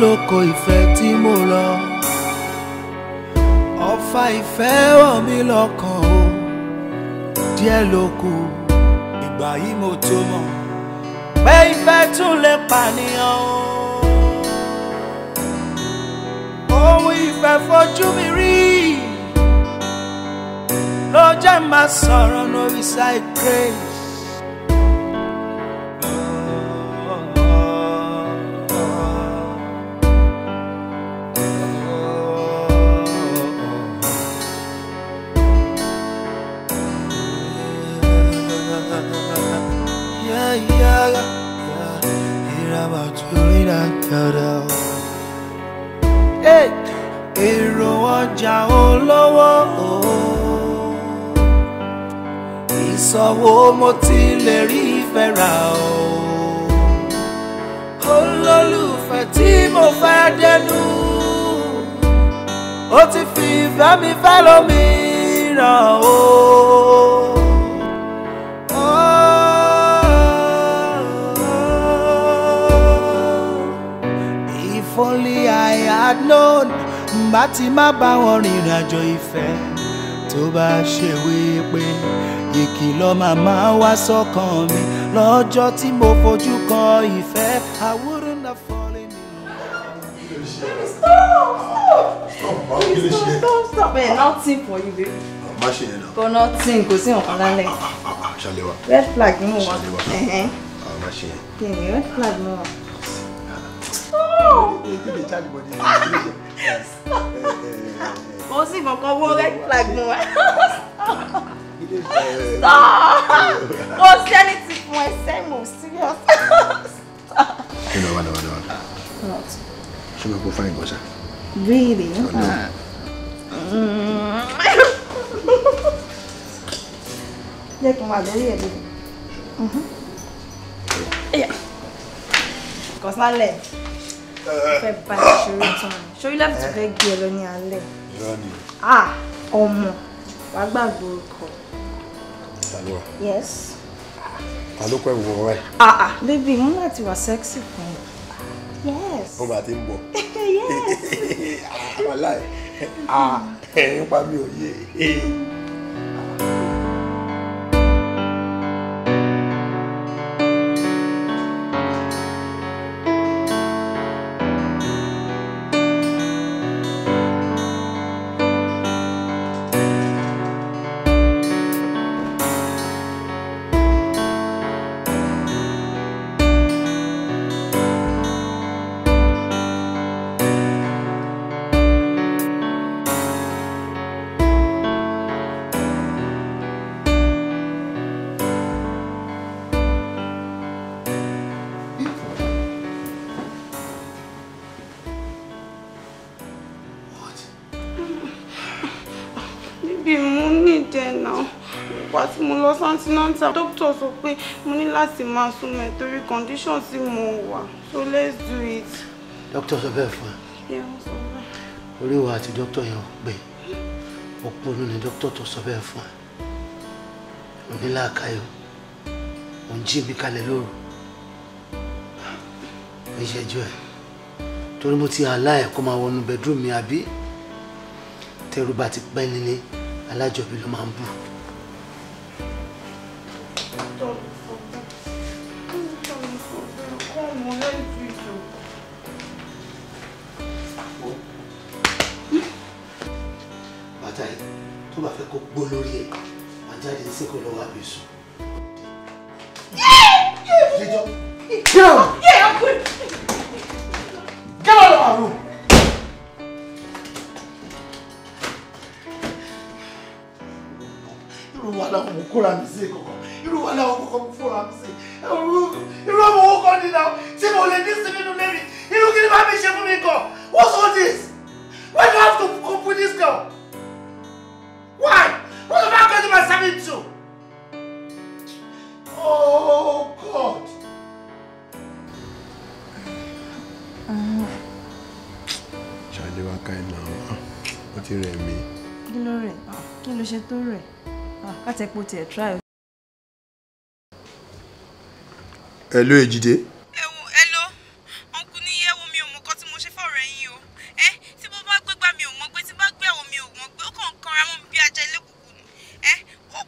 lóko ìfẹ́ tí mo lọ ọ̀fà ìfẹ́ hàn mí lọ́kàn o díẹ̀ ló kù ìgbà yìí mo tó mọ̀ pé ìfẹ́ tún lè pànìyàn o ohun ìfẹ́ fojú mi rí ló jẹ́ máa sọ̀rọ̀ no beside grace. sanwó mo ti lè rí ìfẹ́ rà o. olólùfẹ́ tí mo fẹ́ dẹnu ó ti fi ìfẹ́ mi fẹ́ lómi ràn o. If only I had known, bá ti má bá wọn rìnrìn àjò ìfẹ́ tó bá ṣe wípé ìkìlọ̀ màmá wá sọ́kàn mi lọ́jọ́ tí mo fojú kan ìfẹ́ àwòrán náà fọ́lé mi. Stop it, nothing for you, baby. Má ṣe yẹn náà. Kò nothing, kò sí nǹkan lálẹ́. Ṣàlẹ́wà. Red flag ni mo wà. Ṣàlẹ́wà. Má ṣe yẹn. Kì í red flag ni mo wà. Stop! Stop! kò sí kankan wó red flag mọ́ ẹ. kò sí ẹni tí fún ẹ sẹ́mu serious. ṣé ló wà lọ́wọ́ lọ́wọ́ ṣé máa kó fáìn gan ṣá. really. Mm. jẹ́ kí n wà lórí ẹ̀ lórí. Mm-hmm. Kọ̀sálẹ̀ uh. fẹ́ bá ṣorí tán. Ṣorí lẹ́fù tó fẹ́ gbé ẹ lọ ní alẹ́ ah ọmọ wàá gbàgbé orúkọ. tàló. yes. ta ló pẹ́ wọ ẹ. ah ah bébí mo láti wà sẹ́ksì fún ẹ. yes. ó bá ti ń yes. Ah, ẹ̀ ah, ẹ̀ ń pa mí òye. láti máa súnmọ́ torí condition tí mo wà so let's do it. doctor sọ bẹ́ẹ̀ fún ẹ. orí wa àti doctor yẹn ò pé òpònú ni doctor tó sọ bẹ́ẹ̀ fún ẹ. onílàákàyọ ò ń jí mi kalẹ̀ lóru ìṣẹ́jú ẹ̀ torí mo ti àlá ẹ̀ kó máa wọnú bedroom mi àbí tẹrù bá ti pẹ́ nílé alájọbí ló máa ń bù. ṣàdé wá ká ìnà ah, ó ti rẹ̀ mí. kí ló rẹ̀ ah, kí ló ṣe tó rẹ̀ látẹ̀pọ̀ ah, tiẹ̀ try. hello èjìdé. hello ọ̀nkù ní yẹ́wò mi ò mọ nǹkan tí mo ṣe fọ̀rọ̀ ẹ̀yìn o ẹ tí mo bá gbégbá mi ò mọ̀ pé tí bá gbé ẹ kò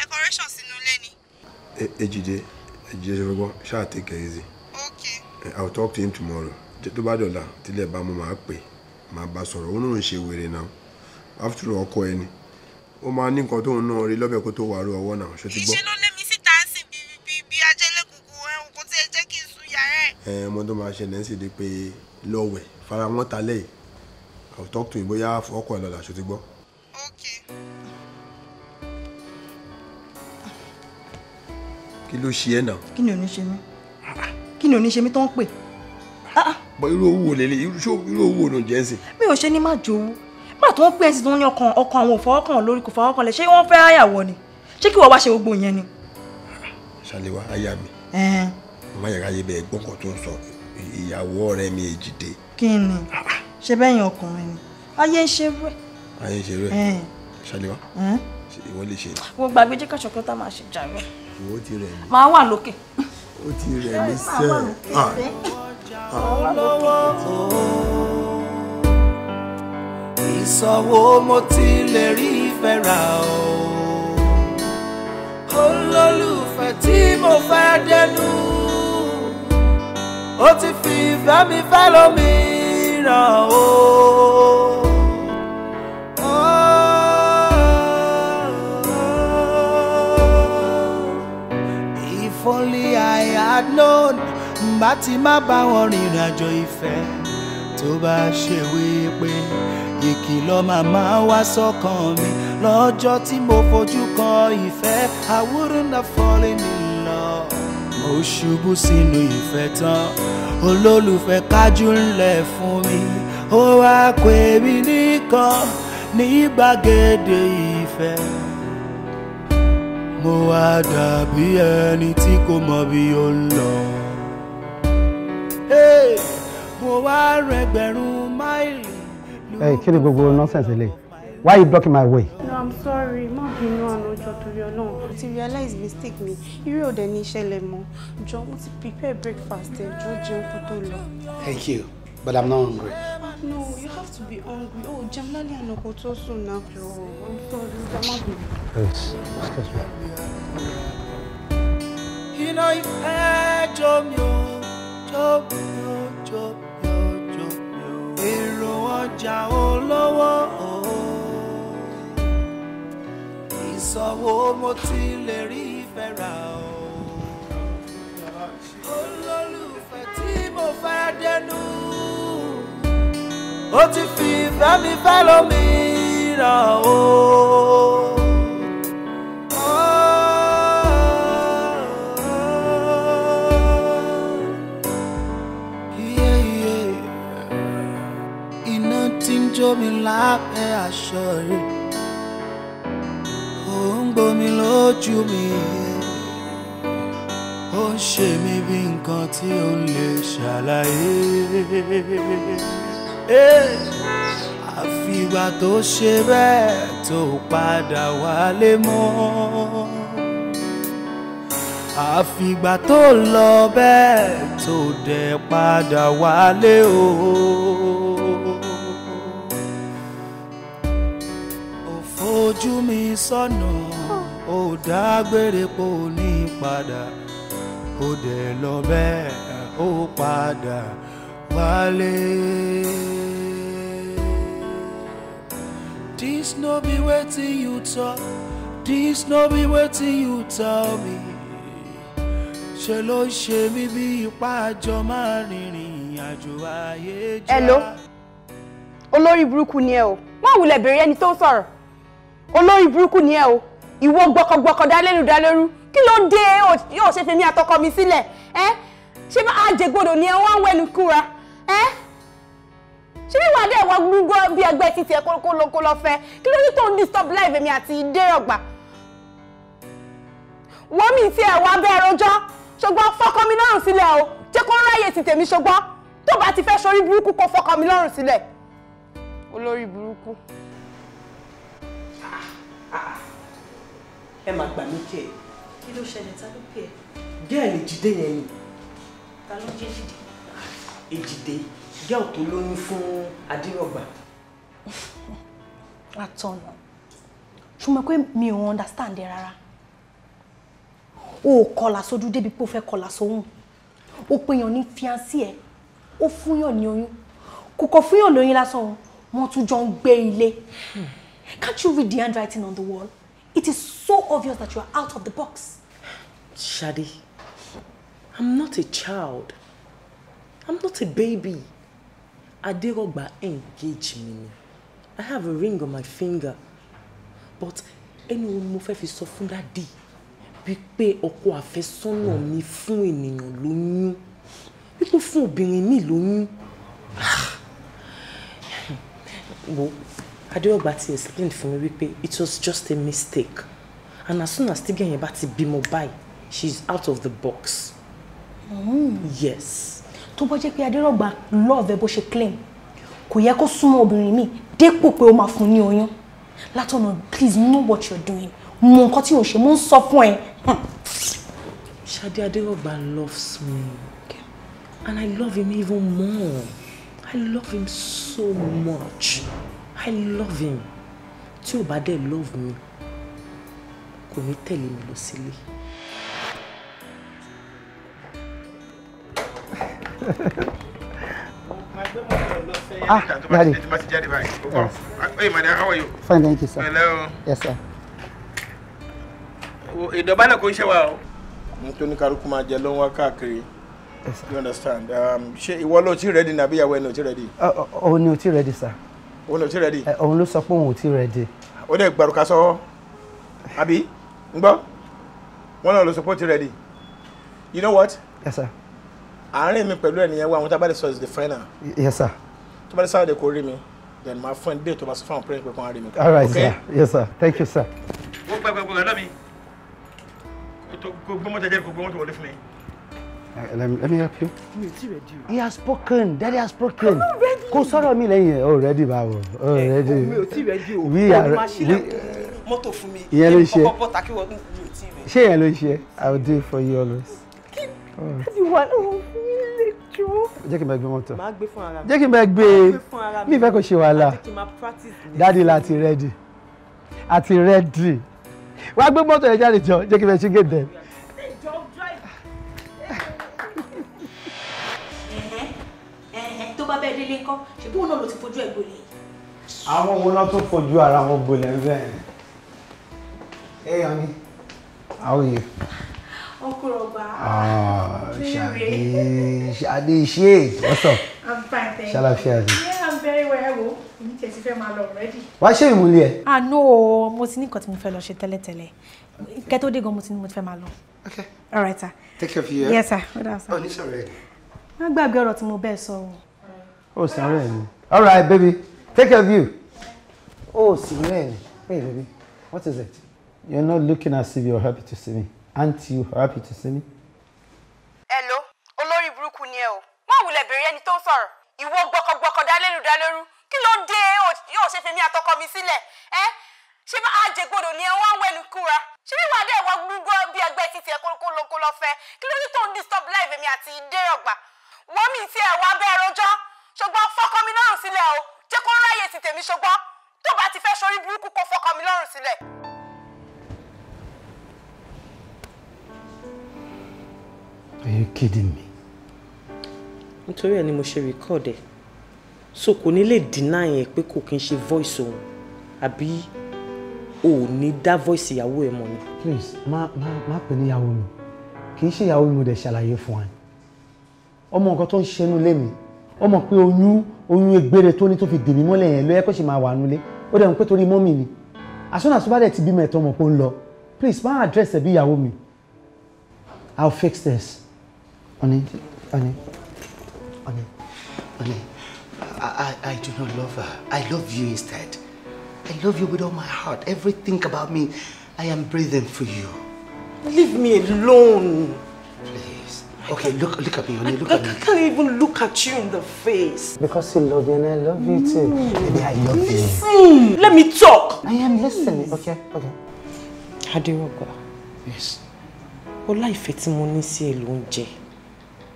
decoration sínú ilé ni. èjìdé e, èjìdé Eh, I'll talk to him tomorrow tó bá dọ̀la tílẹ̀ bá mo máa pè máa bá sọ̀rọ̀ òun náà ń ṣe wèrè náà after all ọkọ ẹni ó máa ní nǹkan tóun náà rí lọ́bẹ̀ kó tó wàá ru ọwọ́ náà ṣe ti gbọ́. ìṣe ló lé mi síta sí bíi bíi ajẹ́lẹ̀kùnkùn ẹ̀hún kò tí ẹ jẹ́ kí n sun yàrá ẹ̀. ẹ eh, ọmọ tó máa ṣẹlẹ̀ ń sì di pé lọ́wẹ̀ fara wọn ta lẹ́yìn I talk to him bóyá ọkọ ẹ lọ́la ṣe ti gbọ́. okay. kí ló ṣe ẹ náà. kí ni ò ní ṣe mí kí ni oníṣe mi tó ń pè. Ah, ah. bọ irú owó lélẹ irú owó ló ń jẹ ẹsìn. mi ò ṣe ni má jowú má tó ń pè ẹsìn tó ń ní ọkàn ọkàn àwọn òfọwọ́kàn lórí kò fọwọ́kàn lẹ ṣé wọ́n fẹ́ àyàwó ni ṣé kí wọ́n wá ṣe gbogbo yẹn ni. ṣàlẹwà aya mi má yàrá yẹ bẹ ẹ̀gbọ́n kan tó ń sọ ìyàwó ọ̀rẹ́ mi èjìdé. kí ni ṣe bẹ́ẹ̀ yẹn ọkùnrin ni ayé ń ṣe rẹ. ayé ń ṣe rẹ ṣàlẹwà ìwọ lè ṣe. mo gbàgbé jẹ́ ká ṣọ̀kọ́ta máa ṣe jàre. ìwọ ti rẹ̀ mí. máa wà lókè ó ti rẹ̀ mí sẹ́ ah, ah. ìsanwó mo ti lè rí ìfẹ́ rà o olólùfẹ́ tí mo fẹ́ dẹnu ó ti fi ìfẹ́ mi fẹ́ lómìíràn o. If oh, only oh, oh had known bá ti má bá wọn rìnrìn àjò ìfẹ́ tó bá ṣe wípé ìkìlọ̀ màmá wá sọ́kàn mi lọ́jọ́ tí mo fojú kan ìfẹ́ I wouldn't have fallen in love mo ṣubú sínú ìfẹ́ tán olólùfẹ́ kájú ńlẹ̀ fún mi ó wá pè mí nìkan ní gbàgede ìfẹ́ mo wá dàbí ẹni tí kò mọ bí ó ń lọ. mo wá rẹgbẹ̀rún máìlì. ẹ kí ni gbogbo nọ́sẹ̀nsì lè why you blocking my way. no i'm sorry má bínú àná ọjọ́ torí ọlọ́run. mo ti realize mistake mi irú òde ní ìṣẹ̀lẹ̀ mọ́ jọ mo ti prepare breakfast ẹ̀ jọ jẹun kó tó lọ. thank you but i'm not hungry. No, you have to be hungry. Oh, Jamlali and Okoto soon now. Oh, I'm sorry, Jamabi. Yes, excuse me. Iná ìfẹ́ jó mi o, jó mi o, jó mi o, mo ti lè rí ìfẹ́ rà o. Olólùfẹ́ tí mo fẹ́ dẹnu ó ti fi ìfẹ́ mi fẹ́ lómìíràn o. iná tí ń jó mi lábẹ́ aṣọ rẹ̀ ò ń gbomi lójú mi ó ń ṣe mí bí nǹkan tí ó lè ṣàlàyé. Eh, àfìgbà tó ṣe bẹ́ẹ̀ tó padà wálé mọ́ àfìgbà tó lọ bẹ́ẹ̀ tó dẹ̀ padà wálé o. ò fojú mi sọ́nà ò dágbére pò ní padà ó dẹ̀ lọ bẹ́ẹ̀ ó padà wale dis no be wetin you talk dis no be wetin you tell me ṣe ló ṣe mí bí ipá àjọ máa rìnrìn àjò ayé já. hello olórí burúkú ni ẹ o má wulẹ̀ béèrè ẹni tó sọ̀rọ̀ olórí burúkú ni ẹ o ìwọ gbọkọgbọkọ dálẹ́rù dálẹ́rù kí ló dé yóò ṣe fi àtọkọ mi sílẹ̀ ẹ ṣé bá àjẹgbọdọ̀ ni ẹ wá ń wẹnu kúra ẹ ṣé bí wàá dé ẹ̀wọ̀n gbogbo bí ẹgbẹ́ ti tiẹ̀ kó lọ kó kí ló ní tó ń disturb life èmi àti Dérọ̀gbà wọ́n mi ti ẹ̀wọ̀n abẹ́ ẹ̀rọjọ́ ṣùgbọ́n fọkọ mi lọ́rùn sílẹ̀ o jẹ́ kó ráyè ti tèmi ṣùgbọ́n tó bá ti fẹ́ ṣorí burúkú kó fọkọ mi lọ́rùn sílẹ̀ olórí burúkú. ẹ máa gbà mí kí ẹ. kí ló ṣẹlẹ̀ ta ló pè é. gẹ́ẹ̀ lè jíde yẹn ni. ta ló jẹ́ jíde èjìdé ìyá ò tó lóyún fún adírọ̀gbà. àtọ̀nà ṣùgbọ́n pé mi ò understand ẹ rárá o ò kọlà sójú débi pé o fẹ́ kọlà sóhùn o pèèyàn ní fiancé ẹ ó fúnyàn ní oyún kò kọ fúnyàn lóyún lásán o tún jọ ń gbé ilé hmm. can't you read the handwriting on the wall it is so obvious that you are out of the box. Shadi, am not a child. I'm not a baby. Aderogba engaged me. I have a ring on my finger. But ẹnu mo fẹ́ fi sọ fún dádì wípé ọkọ àfẹ́sọ́nà mi fún ènìyàn lóyún wípé fún obìnrin mi lóyún. Wo Aderogba ti explain fún mi wípé it was just a mistake and as soon as tígẹ̀yìn bá ti bímọ báyìí she out of the box. Mm. Yes tó bọ́ jẹ́ pé adérọ̀gbà lọ́ọ̀vẹ́ bó ṣe claim kò yẹ kó súnmọ́ obìnrin mi dépò pé ó máa fún ní oyún látọ̀nà please know what you're doing mọ nǹkan tí ò ń ṣe mo ń sọ fún ẹ. Ṣadé Adérọ̀gbà loves me and I love him even more I love him so much I love him tí ò bá dẹ̀ love me kò ní tẹ̀lé mi lọ sílé. Si ah daddy hey my dear how are you fine thank you sir hello yes sir ìdọ̀bálẹ̀ kò ń ṣe wa o. mo tó you understand um, ṣé ìwọ ló ti rẹ́dì nàbí ìyàwó ẹ̀ ready. Oh, ti rẹ́dì. ready, sir. òun ni ready. ti eh, no òun ló sọ pé òun ò ti rẹ́dì. ó no gbàrúkà sọ́wọ́ ready. you know what. yes sir àárín mi pẹ̀lú ẹnìyẹn wa àwọn tá a bá lè sọ is the final. yes sir. tó bá lè sáré kò rí mi then my fún ẹ dé tó bá sọ fún àwọn parents pé kàn á rí mi. all right okay? sir yes sir thank you sir. wọ́n gbàgbà gbogbo ẹ̀ kò gbọ́mọ jẹjẹrẹ kò gbọ́mọ tó wọlé fún mi. Uh, let me, let me help you. He has spoken. Daddy has spoken. Kò sọ̀rọ̀ mi lẹ́yìn ẹ̀ already báwo. Already. ready oh, eh, We are we. Mọ́tò fún mi. Ìyẹn ló ń ṣe. Ṣé ìyẹn ló ń ṣe? I will do it for you always láti wà lóhùn fún mi lè jó. jẹ́ kí n bá gbé mọ́tò jẹ́ kí n bá gbé mi ìfẹ́ kò ṣe wàhálà dáàdi la ti rẹ́dì àti rẹ́dì wàá gbé mọ́tò yẹn jáde jọ jẹ́ kí n bá ṣe gé dẹ̀. tó bá bẹ́ẹ̀ délé ńkọ́ ṣùgbọ́n òun náà ló ti fojú ẹ̀ gbolẹ̀ yìí. àwọn wo náà tó fojú ara wọn gbolẹ̀ ń bẹ́ẹ̀ ni. Hey, honey. How are you? Okurogba. Ah, Shadi, Shadi Sheikh, what's up? I'm fine, thank Shalafia. you. Shalafia. Yeah, I'm very well. Èmi tẹ̀ ti fẹ́ máa lọ already. Wá ṣé ìmúlẹ̀ ẹ̀? Ah no, mo ti ní nǹkan tí mo fẹ́ lọ ṣe tẹ́lẹ̀tẹ́lẹ̀. Kẹ́ tó dé gan mo ti ní mo ti fẹ́ máa lọ. Okay. All right, sir. Take care of you. Yes, sir. What else? Oh, ní sọ̀rọ̀ ẹ̀. Má gbàgbé ọ̀rọ̀ tí mo bẹ́ẹ̀ sọ o. Ó sọ̀rọ̀ ẹ̀ ni. All right, baby. Take care of you. Ó sọ̀rọ̀ ẹ̀ ni. Hey, baby, what is it? You're not looking as if you're happy to see me àǹtí happy to see me. hello olórí burúkú ni ẹ o má wulẹ̀ bèrè ẹni tó ń sọ̀rọ̀ ìwọ gbọkọgbọkọ dálẹ́nu dálẹ́rú kí ló dé yóò ṣe fèmí àtọkọ mi sílẹ̀ ẹ́ ṣé máa àjẹgbọdọ ni ẹ wá ń wẹnu kúra ṣé bí wàá dé ìwà gbogbo bí ẹgbẹ́ títí ẹ kólókó lọ fẹ́ kí ló ní tó ń disturb life mi àti ìdérọ̀gbà wọ́n mi ti ẹ̀ wá bẹ́ẹ̀ rojọ́ ṣùgbọ́n fọkọ mi lọ́rùn sílẹ̀ o jẹ́ kó ráyè ti tèmi ṣùgbọ́n tó bá ti fẹ́ ṣorí burúkú kó fọkọ mi lọ́rùn sílẹ̀. kidding me? nítorí ẹ ni mo ṣe record ẹ so kò ní lè deny ẹ pé kò kí n ṣe voice òun àbí o ò ní dá voice ìyàwó ẹ mọ̀ ni. please má má má pè ní ìyàwó mi kì í ṣe ìyàwó mi mo dẹ̀ ṣàlàyé fún ẹ ọmọ nǹkan tó ń ṣẹnu lé mi ọmọ pé oyún oyún egbére tó ní tó fi dèmí mọ́lẹ̀ yẹn ló yẹ kó ṣe máa wà nulẹ̀ ó dẹ̀ ń pé torí mọ́mì ni àsọ́nà tó bá dẹ̀ ti bímọ ẹ̀tọ́ ọmọ kó ń lọ please má address ẹ bí ìyàwó mi I'll fix this. Honey, honey, honey, honey. I, I, I do not love her. I love you instead. I love you with all my heart. Everything about me, I am breathing for you. Leave me alone. Please. Okay, look look at me, honey. Look I, at me. I can't even look at you in the face. Because you love you and I love you too. Mm. Baby, I love Listen. you. Listen. Let me talk. I am listening. Okay, okay. How do you ìfẹ́ Yes. mo ní sí ẹ ló ń jẹ.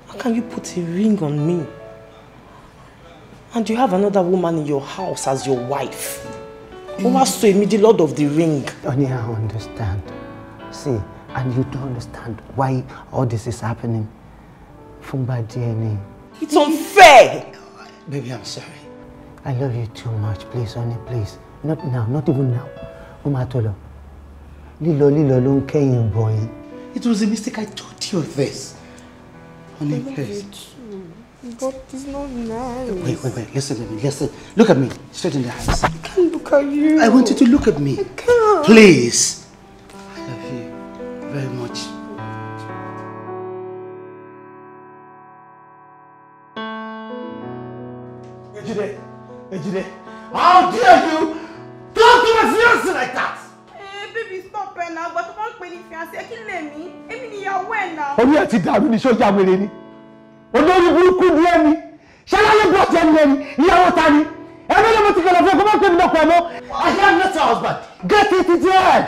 How can you put a ring on me? And you have another woman in your house as your wife. Who to Emi, the lord of the ring. Only I understand. See, and you do understand why all this is happening. Fungba DNA. It's unfair! Baby, I'm sorry. I love you too much, please, honey, please. Not now, not even now. Umatolo. Lilo, Lilo, don't care you, boy. It was a mistake. I told you this. Honey, I please. But it's not nice. Wait, wait, wait. Listen, to me. Listen. Look at me. Straight in the eyes. I can't look at you. I want you to look at me. I can't. Please. I love you very much. Ejide, Ejide, how dare you talk to my fiancé like that? hey, eh, baby, stop right now. But I won't pay the fiancé. Kí lèmi orí ẹ̀ ti dàrú ní sójà wèrè ni olórí burúkú ni ẹ ni ṣáláyé bọ́ọ̀tì ẹni ẹni ìyàwó ta ni ẹni ló mo ti kẹlẹ̀ fún ẹ kó má pè mí lọ́kọ̀ ọmọ. I am not your husband. Get it in your head.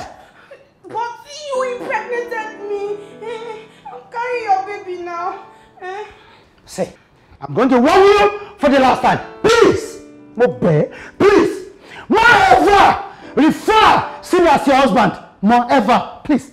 But you impregnated me. Eh, I'm carrying your baby now. Eh. Say, I'm going to warn you for the last time. Please, mo bẹ̀ please, moreover, refer sí as your husband, moreover, please.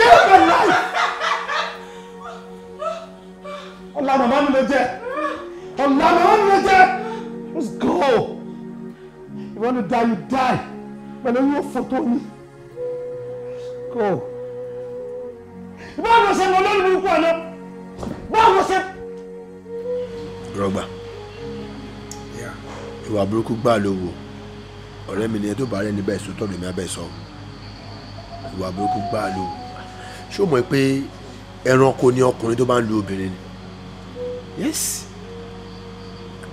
Get my life! Ọ̀la màmá mi ló jẹ́. Ọ̀la màmá Let's go. You want to die, you die. But Pẹ̀lú you fọ́tò me. Go. Báwo ló ṣe mọ lórí burúkú àná? Yeah. You are Rọgbà. Ìwà burúkú gbà ló wò ọ̀rẹ́ mi ni ẹ tó bá to níbẹ̀ sọ́tọ̀ lèmi abẹ́ sọ ìwà burúkú gbáà ló wù ṣó mọ̀ pé ẹranko ni ọkùnrin tó bá ń lu obìnrin ni yes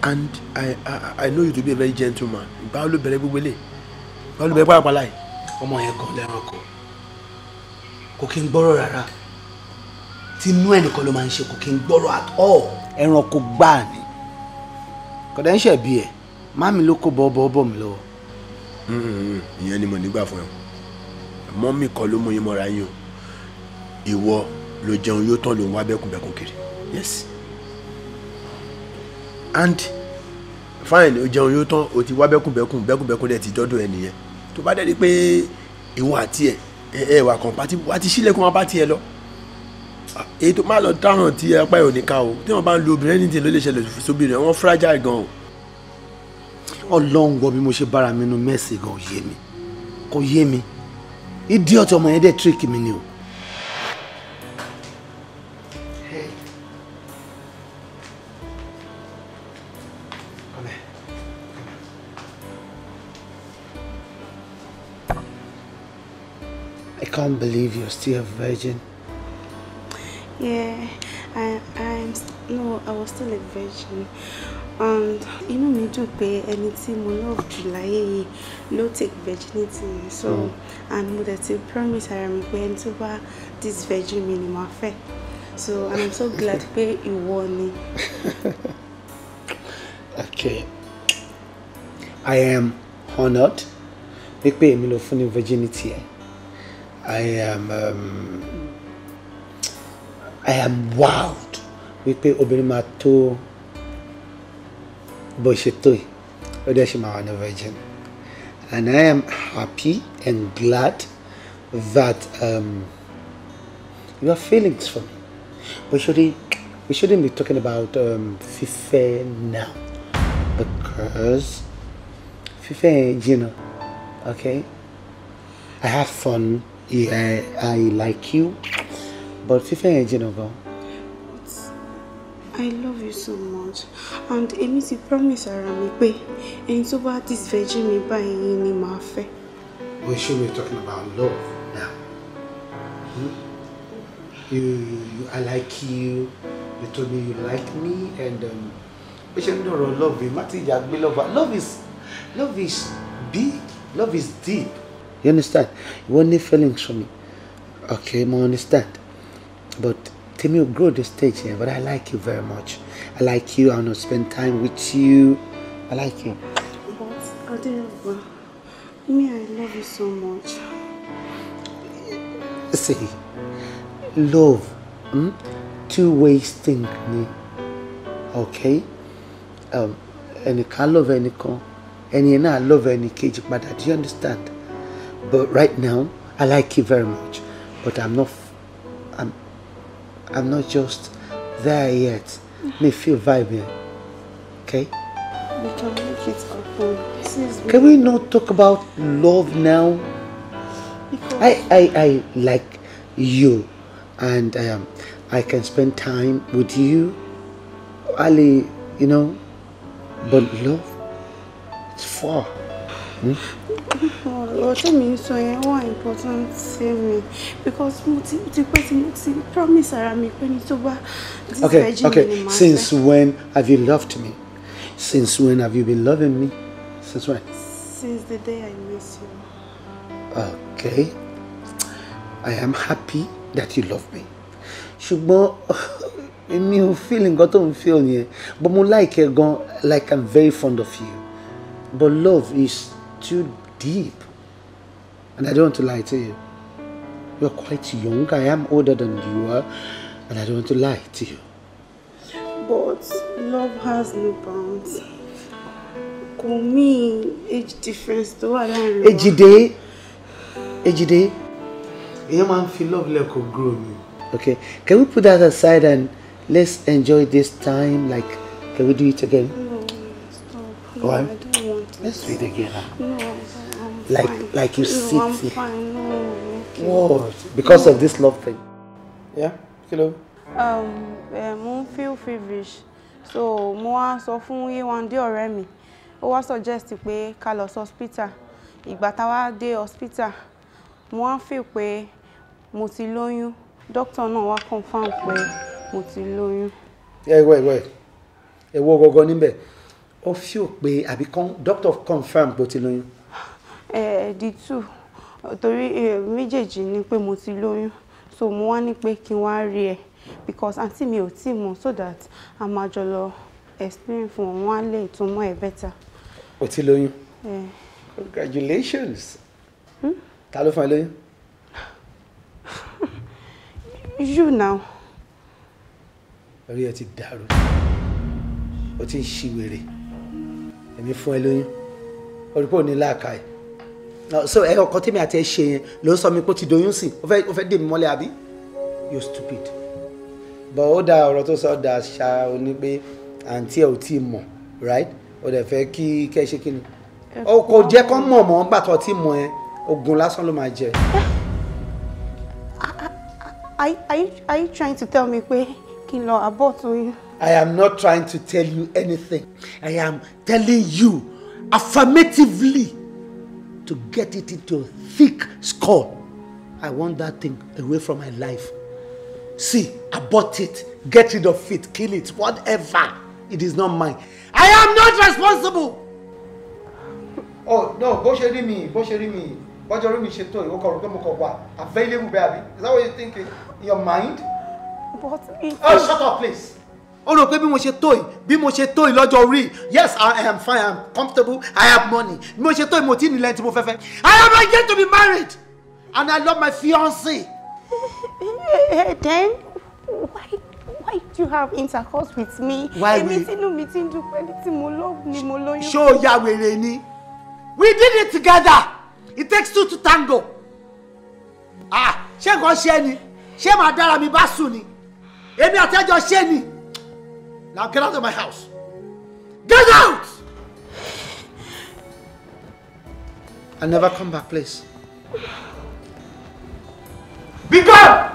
and I, I I know you to be a very gentleman ìgbà ló bẹ̀rẹ̀ gbogbo ilé ìgbà ló bẹ̀rẹ̀ pàápàá láì. ọmọ yẹn gan lẹ́ranko kò kí n gbọ́rọ̀ rárá tinú ẹnìkan ló máa ń ṣe kò kí n gbọ́rọ̀ at all ẹranko gbáà ni kọ̀dá ń ṣẹ̀bi ẹ̀ mami ló kó bọ́ bọ́ mi lọ́wọ́. Hmm, hmm, hmm. ìyẹn ni mo nígbà fún ẹ mọ́mì kọ́ ló mú yín mọ́ra yín o ìwọ ló jẹun yóò tán ló ń wá bẹ́kùnbẹ́kùn kiri yes and fine o jẹun yóò tán o ti wá bẹ́kùnbẹ́kùn bẹ́kùnbẹ́kùn dẹ̀ ti dọ́dọ̀ ẹ nìyẹn tó bá dẹ̀ di pé ìwọ àti ẹ ẹ wà compatible wà á ti sílẹ̀kùn wọn bá tiẹ̀ lọ èyí tó máa lọ dáhùn tí apá ẹ̀ ò ní ká o tí wọ́n bá ń lo obìnrin ní ti ló lè ṣẹlẹ̀ sóbìnrin wọn fragile gan o. ọlọ́run gbọ́ bí mo ṣe bára mi nu mẹ́sì gan ò yé mi kò yé mi idiot ọmọ yẹn dẹ̀ trick mi ni o. can't believe you're still a virgin. Yeah, I, I'm, no, I was still a virgin. And you know dùn pé pay anything. mo love jù láyé yìí take virginity so mm. and mo dẹ̀ promise ara mi pé ẹni tó this virgin minimum ni so and I'm so glad to pay ìwọ warning. okay I am honored. wípé pay ló fún ní virginity Eh? I am um, I am wowed We pay máa tó bó wà virgin and I am happy and glad that um, you have feelings for me We should we, we shouldn't be talking about um, fífẹ́ now because fífẹ́ you know, okay I had fun. I, I like you, but fífẹ́ yẹn jìnnà gan. I love you so much and èmi you promise ara mi pé ẹni tó bá disvirgin mi báyìí ni màá fẹ́. We should be talking about love now. Hmm? You, you, I like you, you told me you like me and um, ó ṣe ń dọ̀rọ̀ love yìí má ti yàgbé love love is love is big love is deep. You understand? You won't need feelings from me. Okay, I understand. But tell me you grow the stage here, but I like you very much. I like you, I wanna spend time with you. I like you. But Adelba, me I love you so much. See, love, hmm? 2 ways thing me. Okay? Um, ẹnìkan love ẹnìkan, ẹni I love ẹnìkejì But Do you understand? But right now, I like you very much. But I'm not, I'm, I'm not just there yet. Me feel vibe Okay? We can make it happen. Can we not talk about love now? I, I, I like you and um, I can spend time with you. Ali, you know, but love, it's far. Hmm? ọ̀rọ̀ tèmi ń sọ yẹn important sí because mo ti ti pẹ́ promise ara mi pé ní tó okay okay since when have you loved me since when have you been loving me since when. since the day I met you. okay I am happy that you love me ṣùgbọ́n èmi ò feeling nǹkan tó ń feel yẹn but mo like ẹ gan like I'm very fond of you but love is too deep And I don't want to lie to you. You're quite young. I am older than you are. And I don't want to lie to you. But love has no bounds. For me, age difference tó I láàrin Age day. Age day. A man feel love lẹ́kọ̀ọ́ grow ni. Okay, can we put that aside and let's enjoy this time? Like, can we do it again? No, stop. No, Why? I don't want to. Let's do it again. No, like fine. like you no, sit I'm here. Fine. No, okay. What? Because no. of this love thing? Yeah. Hello. Um, I'm eh, ń feel feverish so mo wá sọ fún Yéwándé ọ̀rẹ́ mi ó wá suggest pé ká lọ hospital ìgbà tá a wá hospital mo wá feel pé mo ti lóyún doctor náà wá confirm pé mo ti lóyún. ẹwọ ẹwọ ẹwọ gọgọ níbẹ̀ ó feel pé àbí doctor confirm pé ó ti lóyún di two torí méjèèjì ni pé mo ti lóyún so mo wá ní pé kí n wá rí ẹ because àǹtí mi ò tí mọ̀ so that a máa jọ lọ explain fún wọn á lè tún mọ̀ ẹ better. o ti lóyún. congratulations. Hmm? ta ló fún ẹ lóyún. you now. orí ẹ ti dàrú o ti ń ṣí wèrè èmi fún ẹ lóyún orí pò ní láàka so ẹ eh, ọkọ tèmi àti ẹ ṣe yẹn ló sọ mi pé ó ti doyún sí ó fẹ́ ó fẹ́ dè mí mọ́lẹ̀ àbí you stupid but ó da ọ̀rọ̀ tó sọ da ṣá o ní pé àǹtí ẹ ò tí ì mọ̀ right ó dẹ̀ fẹ́ kí kẹ́ ẹ ṣe kí ni ó kò jẹ́ kó mọ̀ mọ́ gbà tó ti mọ̀ ẹ oògùn lásán ló máa jẹ. Ah, ah, ah, are you trying to tell me pé kí n lọ abort oyún. I am not trying to tell you anything I am telling you affirmatively to get it into a thick skull. I want that thing away from my life. See, I bought it, get rid of it, kill it, whatever. It is not mine. I am not responsible. Oh, no, bó ṣe rí mi, bó ṣe rí mi, bọ́jọ́ rí mi ṣe tó ìwọ́kọ̀ rò pé mo kọ̀ wà available, baby. Is that what you're thinking in your mind? But Oh, shut up, please ó rò pé bí mo ṣe tó yìí bí mo ṣe tó yìí lọ́jọ́ orí yes i am fine i am comfortable i have money bí mo ṣe tó yìí mo ti nílẹ̀ tí mo fẹ́ i am not to be married and i love my fiancé. Eh, then why why do you have intercourse with me. why we èmi tínú mi ti ń dúpẹ́ mo lọ ni mo lóyún. ṣé o ya wèrè ni we did it together it takes two to tango ah ṣé nǹkan ṣe ni ṣé màá dára mi bá sùn ni èmi àtẹ́jọ́ ṣe ni. Now get out of my house. Get out! I'll never come back, please. Be gone!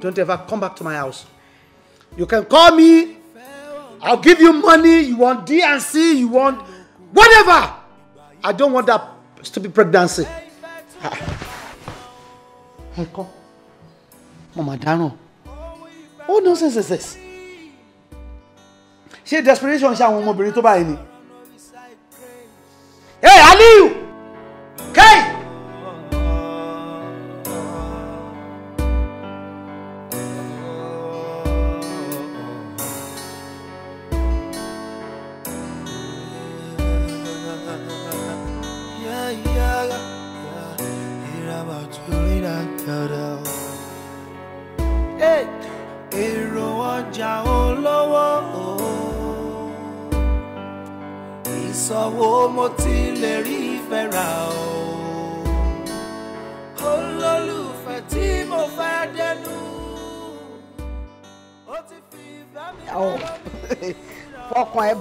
Don't ever come back to my house. You can call me. I'll give you money. You want D and C? You want whatever. I don't want that stupid pregnancy. Hey, come, Mama mà dáràn. What oh, nonsense is this? Ṣé desperation ṣe àwọn ọmọbìnrin tó báyìí ni? Hey Aliu! Kẹ́hìn!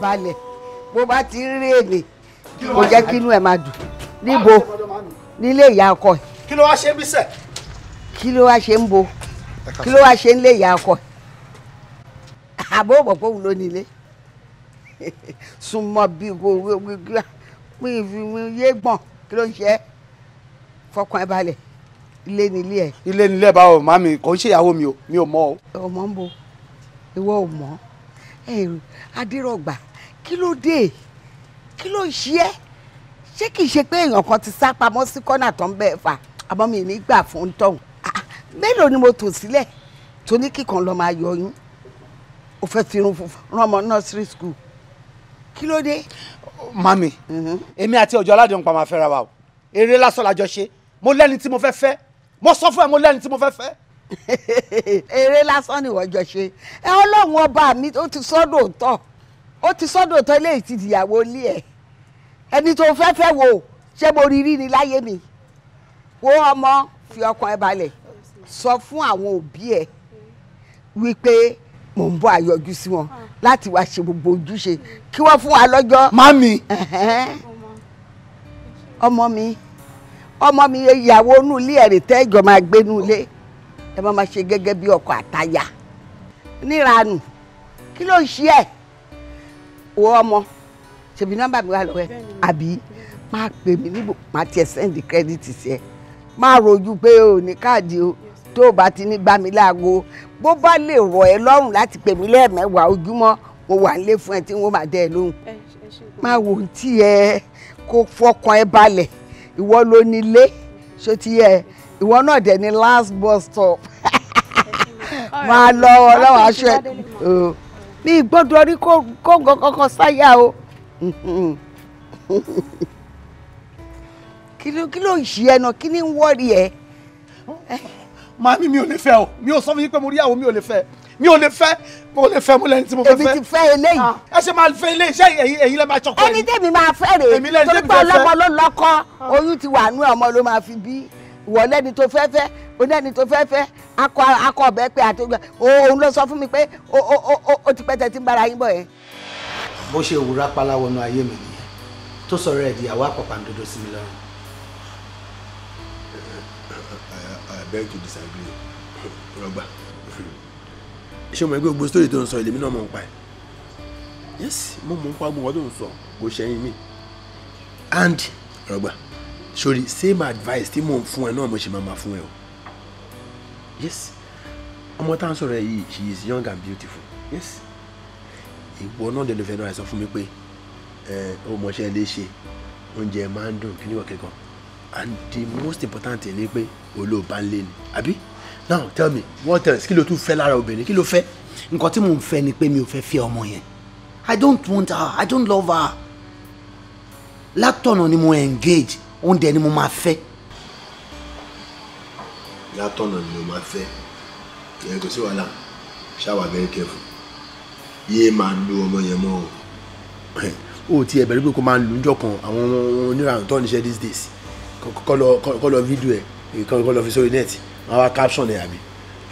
balẹ̀ bó bá ti rí èlé kò jẹ́ kí inú ẹ̀ máa dùn níbo nílé ìyá ọkọ ẹ̀. kí ló wá ṣe ń bísẹ̀. kí ló wá ṣe ń bo kí ló wá ṣe ń lé ìyá ọkọ ẹ̀ àbó bọ̀ pé òun ló nílé súnmọ́ bí gbogbo mi fi mi yé gbọ̀n kí ló ń ṣe é fọkàn ẹ balẹ̀ ilé nílé ẹ. ilé nílé báwo màmí kò ń ṣèyàwó mi o mi ò mọ o. ọmọ ń bo ìwọ ò mọ adérọgbà kí ló dé kí ló ṣe é ṣé kìí ṣe pé èèyàn kan ti sá pamọ́ sí kọ́nà tó ń bẹ́ẹ̀ fà àmọ́ mi ní gbà fún tọ̀hún ah, mélòó ni mo tò sílẹ̀ tó ní kíkan lọ́ọ́ máa yọ yín o fẹ́ fi irun funfun rán ọmọ nursery school kí ló dé. mami mhm. èmi àti ọjọ́ aládùn pa máa fẹ́ra wa o eré lásán la ṣe mo lẹ́ni tí mo fẹ́ fẹ́ mo sọ fún ẹ mo lẹ́ni tí mo fẹ́ fẹ́ eré lásán ni wọ́n jọ ṣe ẹ ọlọ́run ọba mi ó ti sọ́dọ̀ tọ̀ ó ti sọ́dọ̀ tọ̀ ilé ìtì ìyàwó ilé ẹ̀ ẹni tó fẹ́ fẹ́ wo ṣé mo rí rí ni láyé mi wo ọmọ fi ọkàn ẹ balẹ̀ sọ fún àwọn òbí ẹ wípé mò ń bọ̀ àyọjú sí wọn láti wá ṣe gbogbo ojúṣe kí wọ́n fún wa lọ́jọ́. mami. ọmọ mi ọmọ mi ìyàwó inú ilé ẹ̀rì tẹ́ ìjọ máa gbé inú ilé ẹ má máa ṣe gẹ́gẹ́ bí ọkọ àtaya níranù kí ló ń ṣe ẹ wo ọmọ ṣèbí nọ́mbà mi wà lọ́wọ́ ẹ àbí máa pè mí níbo máa tiẹ̀ sẹ́ndì kírẹ́dìtì sí ẹ máa rojú pé o ní káàdì o tó o bá ti ní gbá mi láago bó bá lè rọ̀ ẹ́ lọ́rùn láti pè mí lẹ́ẹ̀mẹ́wàá ojúmọ́ mo wà nílé fún ẹ tí wọ́n máa dẹ́ ẹ lóhùn máa wò ó tí kó fọkàn ẹ balẹ̀ ìwọ ló nílé ṣó ti yẹ ẹ ìwọ náà dẹ̀ ni last bus stop máa lọ ọlọ́wọ́ aṣọ ẹ̀ mi gbọ́dọ̀ rí kóńgò kankan sáyà o kí ló ń ṣe ẹnu kí ni ń wọ́ọ̀rì ẹ. màámi mi ò lè fẹ́ o mi ò sọ fún yín pé mo rí àwọn mi ò lè fẹ́ mi ò lè fẹ́ mo lè fẹ́ mo lẹ́ni tí mo fẹ́ fẹ́. èmi ti fẹ́ eléyìí. Ah, ẹ ṣe máa fẹ́ eléyìí ṣé èyí èyí máa ṣọkọ. ẹni tẹ́mi máa fẹ́ rèé torí pé ọlọ́mọ ló lọ́kọ́ oyún ti wà nú ọmọ ló máa fi bí wọlé ni tó fẹ́ fẹ́ onídàáni tó fẹ́ fẹ́ akọ akọ ọbẹ̀ pé àti òun ló sọ fún mi pé ó ti pẹ́ tẹ́tí ń bára yín bọ̀ yẹn. bó ṣe wúra pálá wọnú ayé mi nìyẹn tó sọ̀rọ̀ ẹ̀ dìyàwó àpàpàǹdodo sí mi lọ́rùn. I beg to disagree rọgbà ṣé o mọ̀ pé gbogbo story tó ń sọ ilé náà mọ̀ ń pa ẹ̀ yes mo mọ̀ ń pa gbogbo tó ń sọ kò ṣẹ́yìn mi and rọgbà sori same advice tí mò ń fún ẹ náà mo ṣe máa máa fún ẹ o yes ọmọ tá à ń sọ̀rọ̀ yìí she is young and beautiful yes ìwọ náà dẹ̀ ló fẹ́ náà sọ fún mi pé ọmọọṣẹ́ ilé ṣe oúnjẹ máa ń dùn kí ni and the most important thing ni pé olóòbá ń lé ni àbí now tell me what else kí ló tún fẹ́ lára obìnrin kí ló fẹ́. nǹkan tí mò ń fẹ́ ni pé mi ò fẹ́ fẹ́ ọmọ yẹn I don't want her I don't love her látọ̀nà ni mo engage oúnjẹ ni mo máa fẹ́. látọ̀nà ni mo máa fẹ́ ìyẹn kò sí wàhálà ṣáwà bẹ́ẹ̀ kẹfù yéé máa lu ọmọ yẹn mọ́ o. o ti ẹ̀bẹ̀rẹ̀ pé kó máa lù ú jọ kan àwọn onírànú tó ń ṣe these days kọ́ lọ fídíò ẹ̀ kọ́ lọ fi sórí nẹ́ẹ̀tì wọ́n wá caption ẹ̀ àbí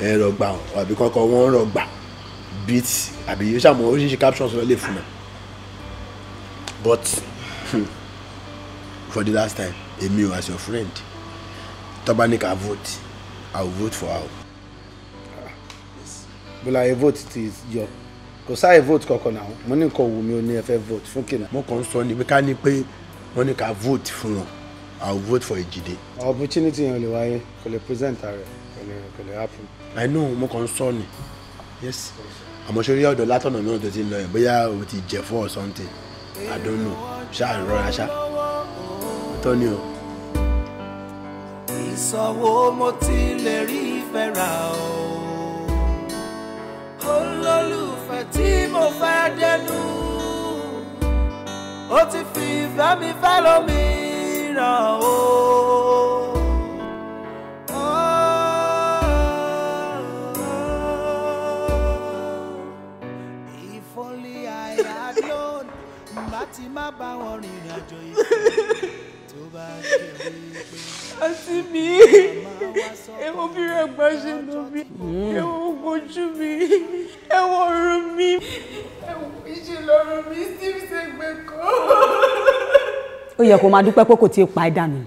ẹ̀ rọ̀ gbà àbí kọ́kọ́ wọ́n rọ̀ gbà beat àbí yóò ṣàmù oríṣiríṣi captions lọ lè fún mi but for the last time èmi as your friend tó bá ní vote i will vote for her. bọ́lá ẹ vote ti yọ kò sáà vote kankan náà mo ní nǹkan wù mí o ní ẹ fẹ́ vote fún kìnìún. mo kàn ń sọ ni ká ní pé wọ́n vote fún wọn i will vote for Ejide. opportunity yẹn ò lè wáyé kò lè present ààrẹ kò lè kò lè happen. i know mo kàn ń sọ ni yes àmọ́ sórí ọ̀dọ̀ látọ̀nà náà tó ti lọ yẹn bóyá o ti jẹ̀ or something i don't know ṣáà rọra ṣáà òótọ́ ni o. ìsanwó mo ti lè rí ìfẹ́ rà o olólùfẹ́ tí mo fẹ́ dẹnu ó ti fi ìfẹ́ mi fẹ́ lómi ràn o. ìfọ́lì àyà lónìí bá ti má bá wọn rìnrìn àjò yìí àti mi ẹwọ bí rẹgbà ṣe lọ mí ẹwọ ojú mi ẹwọ ọrùn mi ẹwọ ìṣèlọrùn mi steve ṣègbè kọ. ó yẹ kó máa dúpẹ́ pé kò tiẹ̀ pa ẹ́ dànù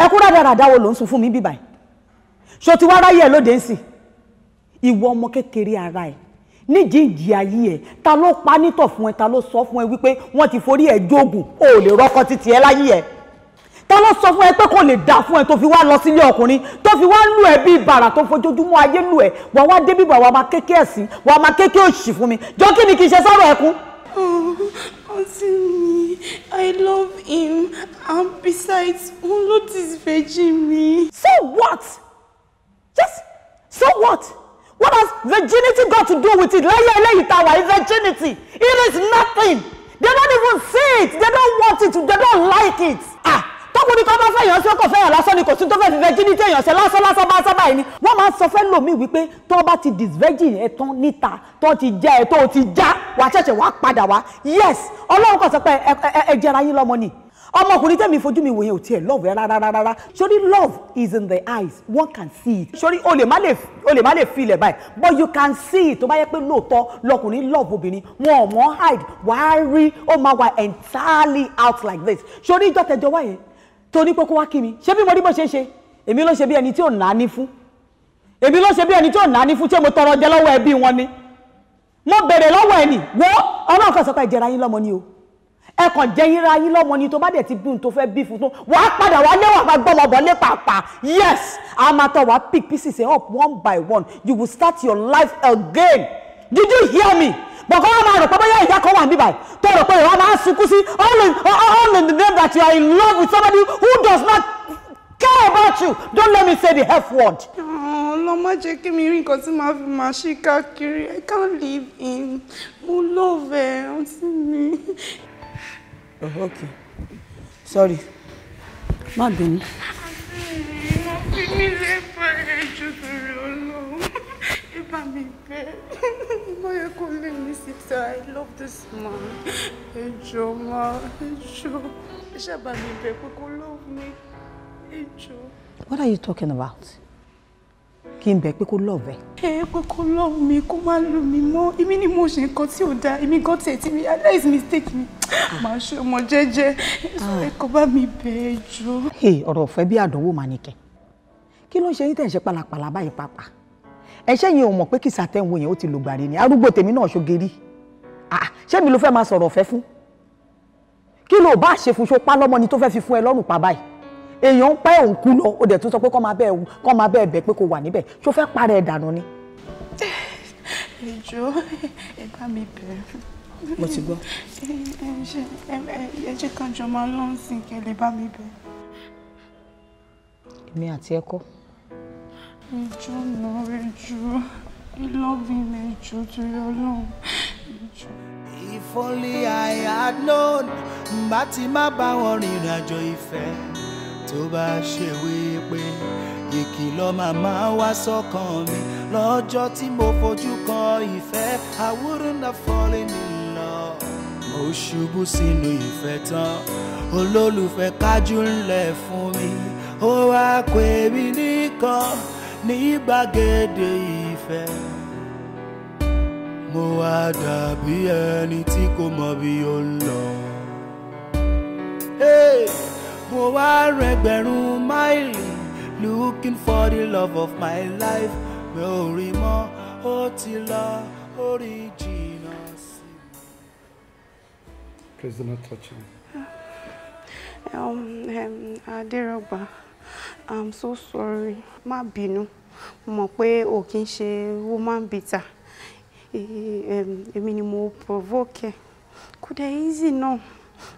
ẹ kú rádaràdá wo ló ń sun fún mi bíbáyìí ṣó ti wá ráyè lóde ń sìn ìwọ ọmọ kékeré ara ẹ̀ níjìjì ayé ẹ ta ló pa nítọ̀ fún ẹ ta ló sọ fún ẹ wípé wọ́n ti forí ẹ jóògùn o ò lè rọ́kọ títí ẹ láyé ẹ ta ló sọ fún ẹ pé kò lè dà fún ẹ tó fi wá lọ sílé ọkùnrin tó fi wá lù ẹ bíi bàrà tó fojoojúmọ́ ayé lù ẹ wà wá débí bà wà máa kéké ẹ̀sìn wà máa kéké òṣì fún mi jọ kí ni kì í ṣe sọ̀rọ̀ ẹkún. Oh, aunty mi i love him and besides òun ló ti fẹ́ jí mi. so what just so what has virginity got to do with it láyé eléyìí tá a virginity it is nothing they don't even see it they don't want it they don't like it ah tọkùnrin kan bá fẹ́ èèyàn sí ọkọ̀ fẹ́yàn lásán ni kò sí tó fẹ́ fi virginity èèyàn ṣe lásán lásán bá sábà yìí ni wọ́n máa ń sọ fẹ́ lòmí wípé tó bá ti disvirgin ẹ̀ tán níta tó ti já ẹ̀ tó ti já wàá ṣẹ̀ṣẹ̀ wàá padà wá yes ọlọ́run kò sọ pé ẹ jẹra yín lọ́mọ ni ọmọkùnrin tẹ̀mí fojú mi wòye ò tiẹ̀ love ẹ rárá rárá sori love is in the eyes one can see it sori o lè má lè o lè má báyìí but you can see it tó bá yẹ pé lóòótọ́ lọkùnrin love obìnrin wọn ò mọ hide wàá rí ó máa wà entirely out like this sori ìjọ tẹjọ wáyé tó ní pé kó wá kí mi ṣé bí mo rí bó ṣe ṣe èmi ló ṣe bí ẹni tí ò náání fún èmi ló ṣe bí ẹni tí ò náání fún ṣé mo tọrọ jẹ lọ́wọ́ ẹbí wọn ni mo bèrè lọ́wọ́ ẹni wo ọlọ́run kan sọ pé ẹ jẹra yín lọ́mọ ni o ẹ kàn jẹ́ yíra yín lọ́mọ ni tó bá dẹ̀ ti bí tó fẹ́ bí fún tó wà á padà wá léwà máa gbọ́ ọmọ bọ̀ lé pàápàá yes a máa tọ̀ wá pick pieces up one by one you will start your life again did you hear me bọ̀kọ́ wa máa rò pé bóyá ìyá kan wà níbàyí tó rò pé ìwà máa sunkún sí only only the name that you are in love with somebody who does not care about you don't let me say the f word. Ah, ọlọ́mọ jẹ́ kí mi rí nǹkan tí màá fi máa ṣe káàkiri i can't live in mo love ẹ̀ ọtí mi. Oh, okay. Sorry. Má bínú. Bóyá kò lè mí síta, I love this man. Ẹjọ́ máa, ẹjọ́. Ṣé bá mi bẹ̀ pé kò love me? Ẹjọ́. What are you talking about? kí n bẹ̀ pé kó lọ́ọ̀bẹ. ẹ ẹ pé kó lọ́ọ̀ mi kó má lù mí mọ́ èmi ni mo ṣe nǹkan tí ò dáa èmi gan tiẹ̀ ti realize mistake mi màá ṣe ọmọ jẹ́jẹ́ ẹ kọ́ bá mi bẹ̀ ẹ́ jọ. ọ̀rọ̀ ọ̀fẹ́ bí àdánwò máa ní kẹ́ kí ló ń ṣe yín tẹ̀ ń ṣe pàlàpàlà báyìí pàápàá ẹṣẹ́ yẹn ò mọ̀ pé kìsà tẹ̀ yẹn ó ti lò gbàrí ni arúgbó tèmi náà ṣogeri ah, ṣé mi ló fẹ́ máa sọ̀rọ̀ ọ̀fẹ́ fún kí ló bá ṣe fún ṣopá lọ́mọ ni tó fẹ́ fi fún èèyàn ń pẹ́ òun kú lọ ó dẹ̀ tún sọ pé kọ́ máa bẹ́ẹ̀ kọ́ máa bẹ́ẹ̀ bẹ̀ pé kò wà níbẹ̀ ṣó fẹ́ parẹ́ dànù ni. ìjọ ẹ bá mi bẹ̀rẹ̀ mo ti gbọ́. ẹ kan jọ máa lọ sí kí ẹ lè bá mi bẹ̀. èmi àti ẹ kọ́. ìjọ nà ìjọ ìlọ́bìn ìjọ torí ọlọ́run ìjọ. If only I had known, bá ti má bá wọn rìnrìn àjò tó bá ṣe wípé ìkìlọ̀ màmá wá sọ́kàn mi lọ́jọ́ tí mo fojú kan ìfẹ́ I wouldn't have fallen in love. mo ṣubú sínú ìfẹ́ tán olólùfẹ́ kájú ńlẹ̀ fún mi ó wá pè mí nìkan ní gbàgede ìfẹ́ mo wá dàbí ẹni tí kò mọ bí ó ń lọ. Hey! mo wá rẹgbẹ̀rún máìlì looking for the love of my life mi ò rí mọ́ ó ti lọ ó rí jìnnà sí mi. Please do not touch me. Um, um, Aderogba, I'm so sorry. Má bínú, mo mọ̀ pé o kì í ṣe woman beater. Èmi ni mo provoke. Kò dẹ̀ easy náà. No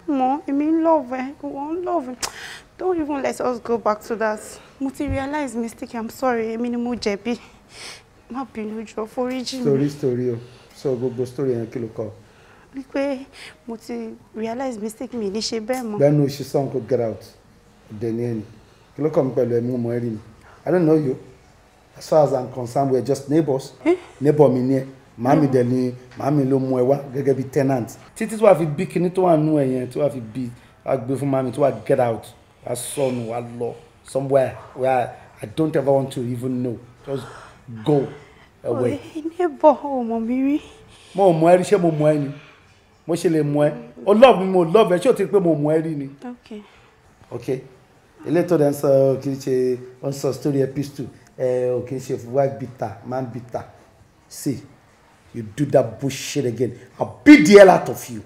mọ èmi mean love ẹ wọ́n ń love don't even let us go back to that Muti realize mistake i'm sorry I mean, mo jẹ̀bi má bínú jọ foríjì mi. story story So go gbogbo story yẹn kí ló kọ Muti realize mistake mi ní she bẹ́ẹ̀ mọ́. gbẹ́nu ṣe song kò get out dẹ̀ni ẹni kí ló kàn mí pẹ̀lú i don't know you as far as i'm concerned we're just neighbors eh? neighbor me ni màámi dẹ̀ ni màámi ló mú ẹ wá gẹ́gẹ́ bí tenant títí tí wàá fi bí kinní tó wà nú ẹ yẹn tí wàá fi bí wàá gbé fún màámi tí wàá get out wàá sọnù wàá lọ somewhere where I don't ever want to even know just go away. ọ̀rẹ́ ní bọ̀ ọmọ mi rí. mo mọ ẹ rí ṣé mo mọ ẹ ni mo ṣe lè mọ ẹ o love mi mo love ẹ ṣé o ti pé mo mọ ẹ rí ni. ok. ok elétò dẹ̀ ń sọ kì í ṣe ń sọ story epistle ẹ ò kì í ṣe wá bìtà máa ń bìtà sí i. You do that bullshit again. I'll beat the hell out of you.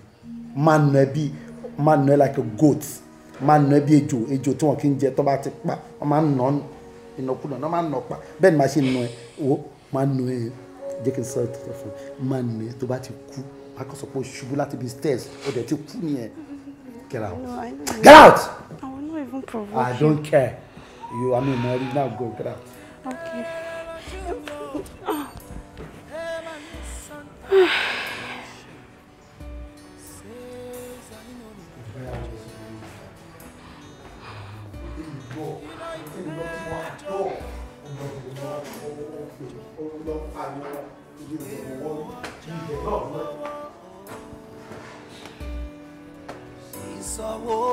Man Maybe man no like a goat. Man no be ejò ejò tí wọn kì í jẹ tó bá man, man, wọn máa ń nà án ìnàkúnà man, máa ń nà pa bẹ́ẹ̀ man, màá ṣe nà ẹ wo máa man, ẹ jẹ́ kí n sọ̀rọ̀ tuntun fún un máa nà ẹ tó bá ti kú máa kọ́ sọ pé o ṣubú láti bí stairs o dẹ̀ ti kú nìyẹn get out get out. I will not even provoke you. I don't care you I mean na now go get out. Okay ìsanwó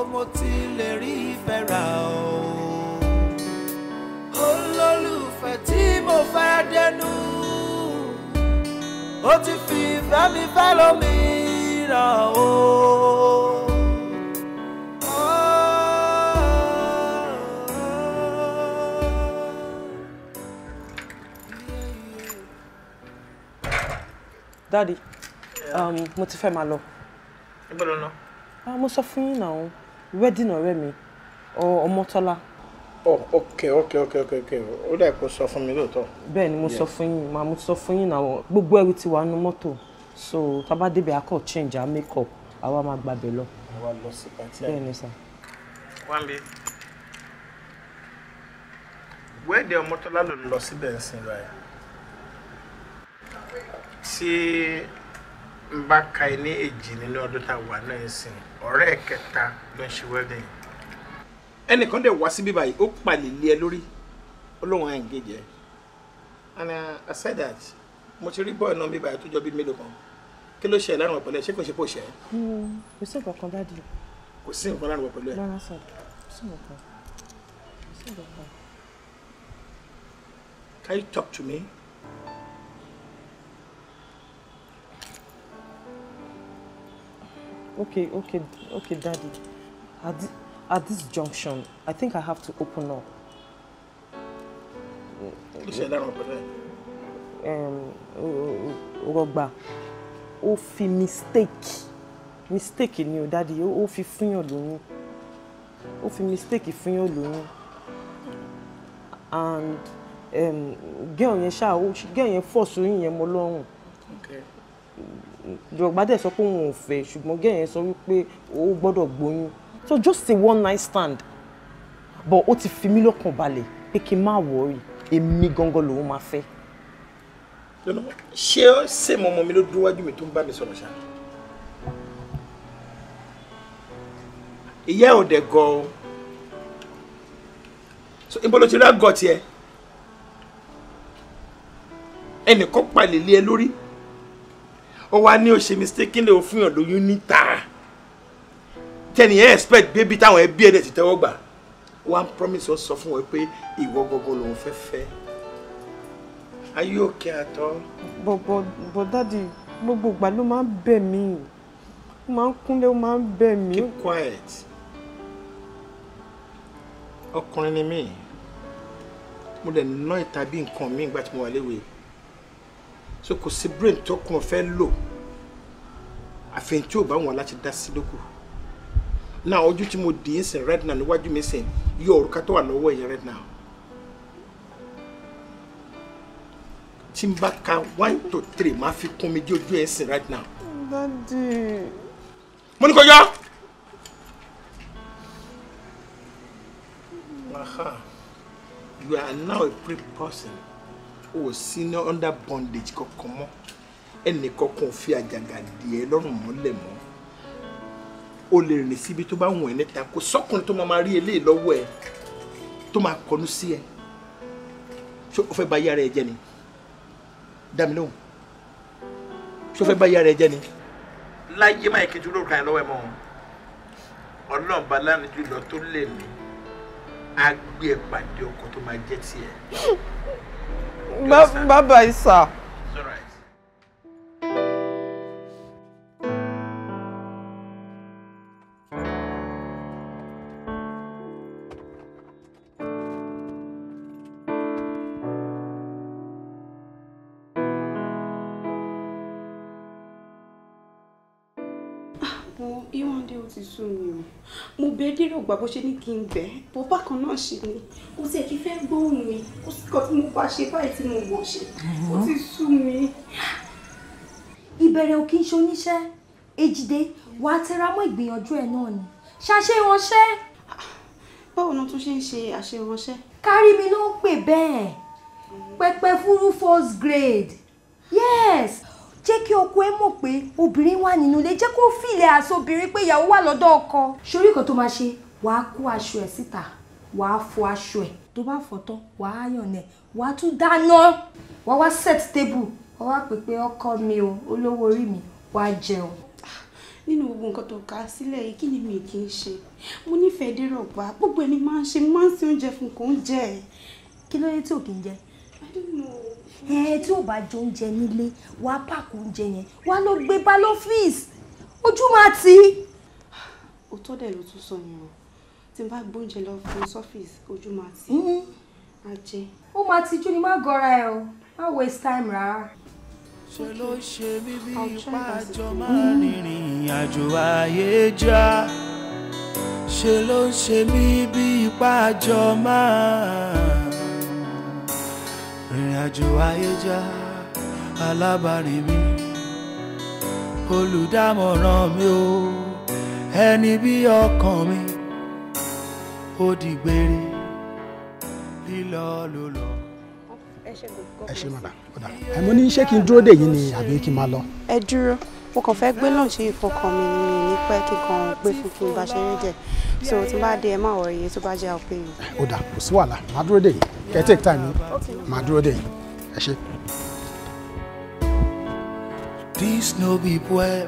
mo ti lè rí ìfẹ́ rà o olólùfẹ́ tí mo fẹ́ dẹnu ó ti fi ìfẹ́ mi fẹ́ lómìíràn o. dadi um, mo ti fẹ́ máa lọ. ìgbọ́dọ̀ náà. Ah, mo sọ fún yín náà wedding ọ̀rẹ́ mi ọmọ tọ́lá oh ok ok ok ok ok ó dẹ̀ mi lóòótọ́. bẹ́ẹ̀ ni mo sọ fún na gbogbo ewu ti wà so tá bá akọ change our make up àwa máa gbàbẹ̀ lọ. àwa lọ sí pàtí àná. bẹ́ẹ̀ ni sà. wọ́n bí wẹ́ẹ̀dì ọmọtọ́lá ló sin si ẹnìkan dẹ̀ wá síbí báyìí ó palẹ̀ lé ẹ lórí olóhùn engage and uh, I that mo ti rí bọ́ọ̀ náà bíbáyìí tó jọ bíi mélòó kan kí ló ṣe lárùn ọ̀pẹ̀lẹ̀ ṣé kò ṣe kò ṣe. Hmm, kò sí nǹkan kan dáàdì. kò sí nǹkan lárùn ọ̀pẹ̀lẹ̀. rárá sọ kò sí nǹkan kò sí nǹkan kan. Can you talk to me? Okay, okay, okay, daddy. Adi. At this junction, I think I have to open up. Um, ṣe dáràn fi mistake, mistake ni o dáàdi, ó fi fúnyàn lóyún. Ó fi mistake fúnyàn lóyún. And girl yẹn ṣáà, girl yẹn force sóyún yẹn molong. Okay. Rọgbà dẹ̀ so pé òun ò fẹ́, ṣùgbọ́n girl yẹn sọ wípé ó gbọ́dọ̀ gbóyún so just a one night stand but ó ti fi mí lọ́kàn balẹ̀ pé kí n má wọ̀ọ́rì èmi gangan lòun máa fẹ́. ṣé ó ṣe mọ ọmọ mi ló dúró wájú mi tó ń bá mi sọ̀rọ̀ ṣá. ìyá ò dẹ̀ gan o so ibo ló ti rí àgọ́ tiẹ̀ ẹnìkan palẹ̀ lé ẹ lórí ó wá ní ó ṣe mistake kí lè ó fún yàn lóyún níta tẹ́ni ẹ̀ expect baby táwọn ẹbí ẹ̀ ti tẹ́wọ́ gbà wọ́n promise ọ sọ fún wọn pé ìwọ gbogbo lòun fẹ́ fẹ́ are you okay at all. bọ̀bọ̀ bọ̀ dáàdi gbogbo ìgbà ló máa ń bẹ̀ mí ó máa ń kúnlé ó máa ń bẹ̀ mí. keep quiet ọkùnrin ni mí mo dẹ̀ ná ìta bí nǹkan mi ìgbà tí mo wà léwe so kò sí brain tó kún un fẹ́ lò àfi tí ò bá wọn láti dá sí lókù. Now ọjọ́ tí mo dì í right now níwájú mi sìn yọ òrùka tó wà lọ́wọ́ ẹ̀yẹ right now. tí n bá ka one to three máa fi kún mi dé ojú right now. dadi. mo ní kò yọ. Aha. You are now a free person. O oh, senior under bondage kankan mọ́. Ẹnì kankan ò fi àjàgà dì ẹ́ lọ́rùn mọ́lẹ̀ mọ́ o lè rìn síbi tó bá wù ẹ́ níta kò sọ́kùnrin tó máa rí eléyìí lọ́wọ́ ẹ tó máa kọnu sí ẹ ṣé o fẹ́ bà yára ẹ jẹ́ ni dá mi lóhùn ṣé o fẹ́ bà yára ẹ jẹ́ ni. láyé máa kí n tún lóòrùn kan lọ́wọ́ ẹ mọ́ ọlọ́run bá lánàá jùlọ tó lè mí á gbé pàdé ọkọ tó máa jẹ́ tiẹ̀. bàbá ìsà. ìgbà bó ṣe ní kí n bẹ̀ ẹ́ bó bákan náà ṣe ni kò sí ẹ̀kí fẹ́ gbóhùn mi kò sí kan tí mo bá ṣe báyìí tí mo wọ̀ ṣe ó ti sú mi. ìbẹ̀rẹ̀ ò kí n ṣe oníṣẹ́ èjìdé wàá tẹra mọ́ ìgbìyànjú ẹ̀ náà ni ṣàṣe ìránṣẹ́. báwo ni tún ṣe ń ṣe àṣe ìránṣẹ́. kárí mi ló ń pè bẹ́ẹ̀ pẹpẹ fúrú first grade yes jẹ́ kí ọkọ ẹ mọ̀ pé obìnrin wà nínú ilé jẹ́ kó fìlẹ̀ àsobìnrin pé ìyàwó wà lọ́dọ̀ ọkọ. sórí nǹkan tó máa ṣe wàá kó aṣọ ẹ̀ síta wàá fọ aṣọ ẹ̀ tó bá fọ tán wàá àyàn ẹ̀ wàá tún dáná wàá wá set table wàá wá pè pé ọkọ mi o olówó orí mi wàá jẹun ah, nínú gbogbo nǹkan tó kà sílẹ̀ yìí kí ni mi kì í ṣe mo nífẹ̀ẹ́ dérọ̀gbà gbogbo ẹni máa ń ṣe máa ń se oúnjẹ fún kò ń jẹ ẹ̀. kí ló dé tí ò kì í jẹ. ẹ tí ò bá jẹ oúnjẹ nílé wàá pààkó oúnjẹ yẹn wàá lọ gbé e bá lọ́fíìsì ojú máa ti. Ah, òótọ́ dẹ̀ ló tún sọ yẹn o tí n bá gbóúnjẹ lọ fún sọ́fíìsì ojú máa ti mm-hmm. á ó máa ti jú ni má gọra ẹ o má waste time rárá. ṣe ló ṣe mí bí ipá àjọ máa rìnrìn àjò ayé já ṣe ló ṣe mí bí ipá àjọ máa rìnrìn àjò ayé já alábàárìn mi olùdámọ̀ràn mi o ẹni bí ọkàn mi ó di gbére lílọ ló lọ. ẹ ṣe mọ̀nà ọ̀dà ẹ mo ní ṣé kí n dúró dè yín ni àbí kí n máa lọ. ẹ dúró mo kàn fẹ́ gbé lọ́ọ̀ṣì ìfọkàn mi ni mi pẹ́ kí n kàn gbé fún kí n bá ṣeré jẹ so tí n bá dé ẹ má wọ̀ iye tó bá jẹ́ àpè yìí. ó dà kò sí wàhálà màá dúró dè yín kẹ́ take time màá dúró dè yín ẹ ṣe. This no be well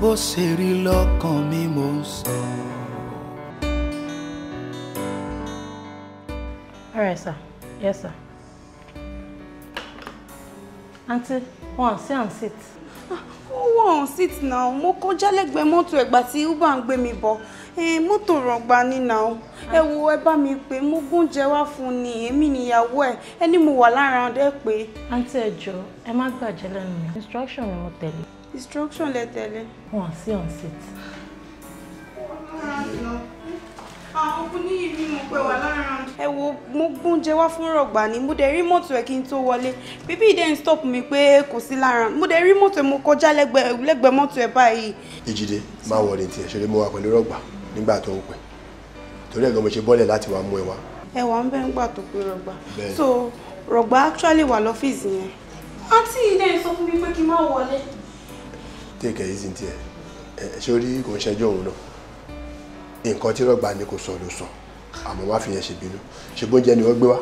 bó ṣe rí lọ́kàn mi mò ń sọ. all right sir yes sir Auntie, one sit and sit. ó wọ̀ sit now mo kọjá lẹ́gbẹ̀ẹ́ mọ́tò ẹ̀gbà tí uba ń gbé mi Eh, moto rọ̀gbà ni now Eh, wo eba mi pe mo gúnjẹ wá fún ni èmi wo. ẹ ẹ ní mo wà lára ọdẹ Auntie aunty ẹ jọ̀ọ́ ẹ má gbàjẹ́ lẹ́nu mi instruction ni mo tẹ̀lé. instruction lẹ tẹ̀lé. one sit and sit àwọn okun níyì ni mo pẹ́ wà lára. ẹ wo mo gbóúnjẹ wá fún rọ̀gbà ni mo dẹ̀ rí mọ́tò ẹ̀ kí n tó wọlé bíbí ìdẹ́ stop mi pé kò sí lára mo dẹ̀ rí mọ́tò ẹ̀ mo kọjá lẹ́gbẹ̀ẹ́ mọ́tò ẹ̀ báyìí. ìjìdé máa wọ̀ ní tiẹ̀ ṣeré mo wà pẹ̀lú rọ̀gbà nígbà tó ń pẹ́ torí ẹ̀ gan mo ṣe bọ́lẹ̀ láti wá mú ẹ wá. ẹ wà ń bẹ́ ń gbà tó pé rọ̀gbà so rọ̀gbà actually wà lọ́fíìsì yẹn. àǹtí ìdẹ́ sọ fún mi pé kí n má wọlé. take it easy tiẹ̀ ṣé ó rí kò ń ṣẹjọ́ òun náà nǹkan tí rọgbà ni kò sọ ló sọ àmọ́ wá fi yẹn ṣe bínú ṣùgbọ́n jẹ́ ni wọ́n gbé wá.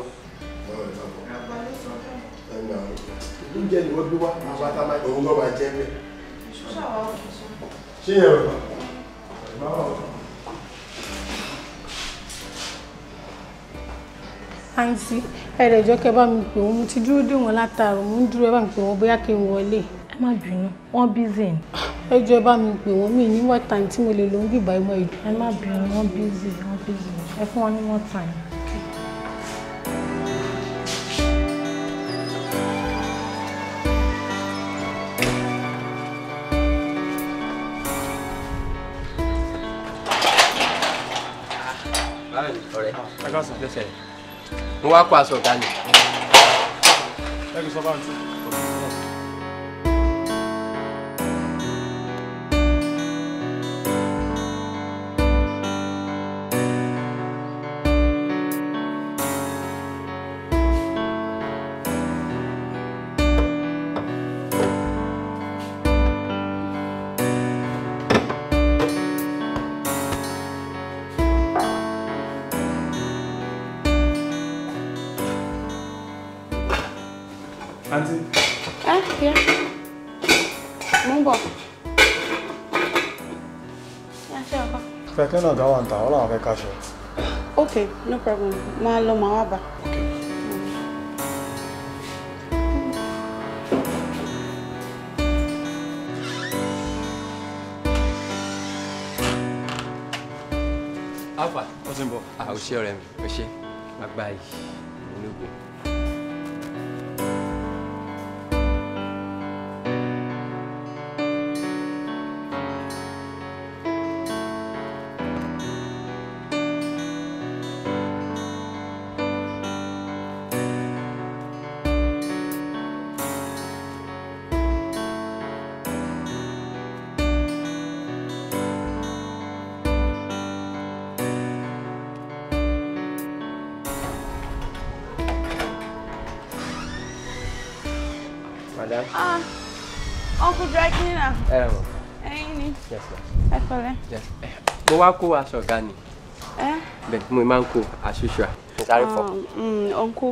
àǹtí ẹ̀rẹ̀jọ́ kẹ́ bá mi pè wọ́n mo ti dúró dè wọ́n látàrọ̀ mo ń dúró ẹ bá mi pè wọ́n bóyá kí n wọlé ẹ má bínú wọ́n bízì ni. ẹ jọ bá mi pè wọ́n mi ní one time tí mo lè lo ń ẹ mọ ìdí. ẹ má bínú wọ́n bízì wọ́n bízì ẹ fún wọn ní one time. Ah, ah, mo wá kó aṣọ ọ̀gá ni. ẹ kì í sọ báyìí. náà gá wà ń ta ọlọ́run fẹ́ káṣọ. ok no problem máa lọ màá wá bá. alfa ó ti ń bọ̀. a ò ṣe ọ̀rẹ́ mi ò ṣe má gbá yìí. mo wá kó aṣọ ọ̀gá ni bẹ́ẹ̀ mo máa ń kó aṣoṣọ. nítorí fọ. ọ̀nkú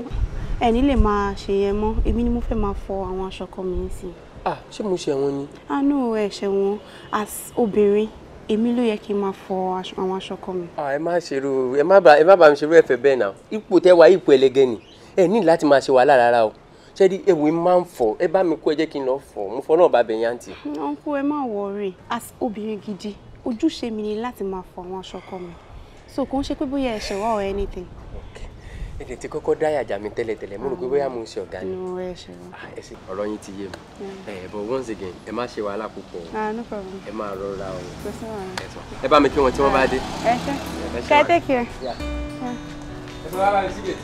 ẹni lè máa ṣe yẹn mọ́ èmi ni mo fẹ́ máa fọ àwọn aṣọ ọkọ mi sí. ah ṣé mo ṣe wọn ni. àánú ah, ẹ ṣe wọn as obìnrin èmi ló yẹ kí n máa fọ àwọn aṣọ ọkọ mi. ẹ má ṣerú ẹ má bá mi ṣerú ẹ̀fẹ̀ bẹ́ẹ̀ náà ipò tẹ wá ipò ẹlẹgẹ́ ni ẹ ní láti máa ṣe wàhálà rárá o ṣé di ewì máa ń fọ ẹ bá mi kó ẹ jẹ́ kí n lọ fọ mo fọ náà bá bẹ yáǹtì. ọ̀nkú ẹ má wọrí as obìnrin gidi ojúṣe mi ni láti máa fọ àwọn aṣọ ọkọ mi so kò ń ṣe pé bóyá ẹ̀ṣẹ̀ wá or anything. èdè tí kọ́kọ́ dá àyàjà mi tẹ́lẹ̀tẹ́lẹ̀ mo rò pé bóyá mo ń ṣe ọ̀gá ni ah, ọ̀rọ̀ yín ti yé mi eh, but once again ẹ má ṣe wàhálà púpọ̀ ah, ẹ má rọra o ẹ bá mi kí wọn tí wọ́n bá dé. Ah, ẹ ṣe kẹ́ ẹ tẹ́kì rẹ̀. ẹ fọwọ́ ara rẹ̀ síbẹ̀.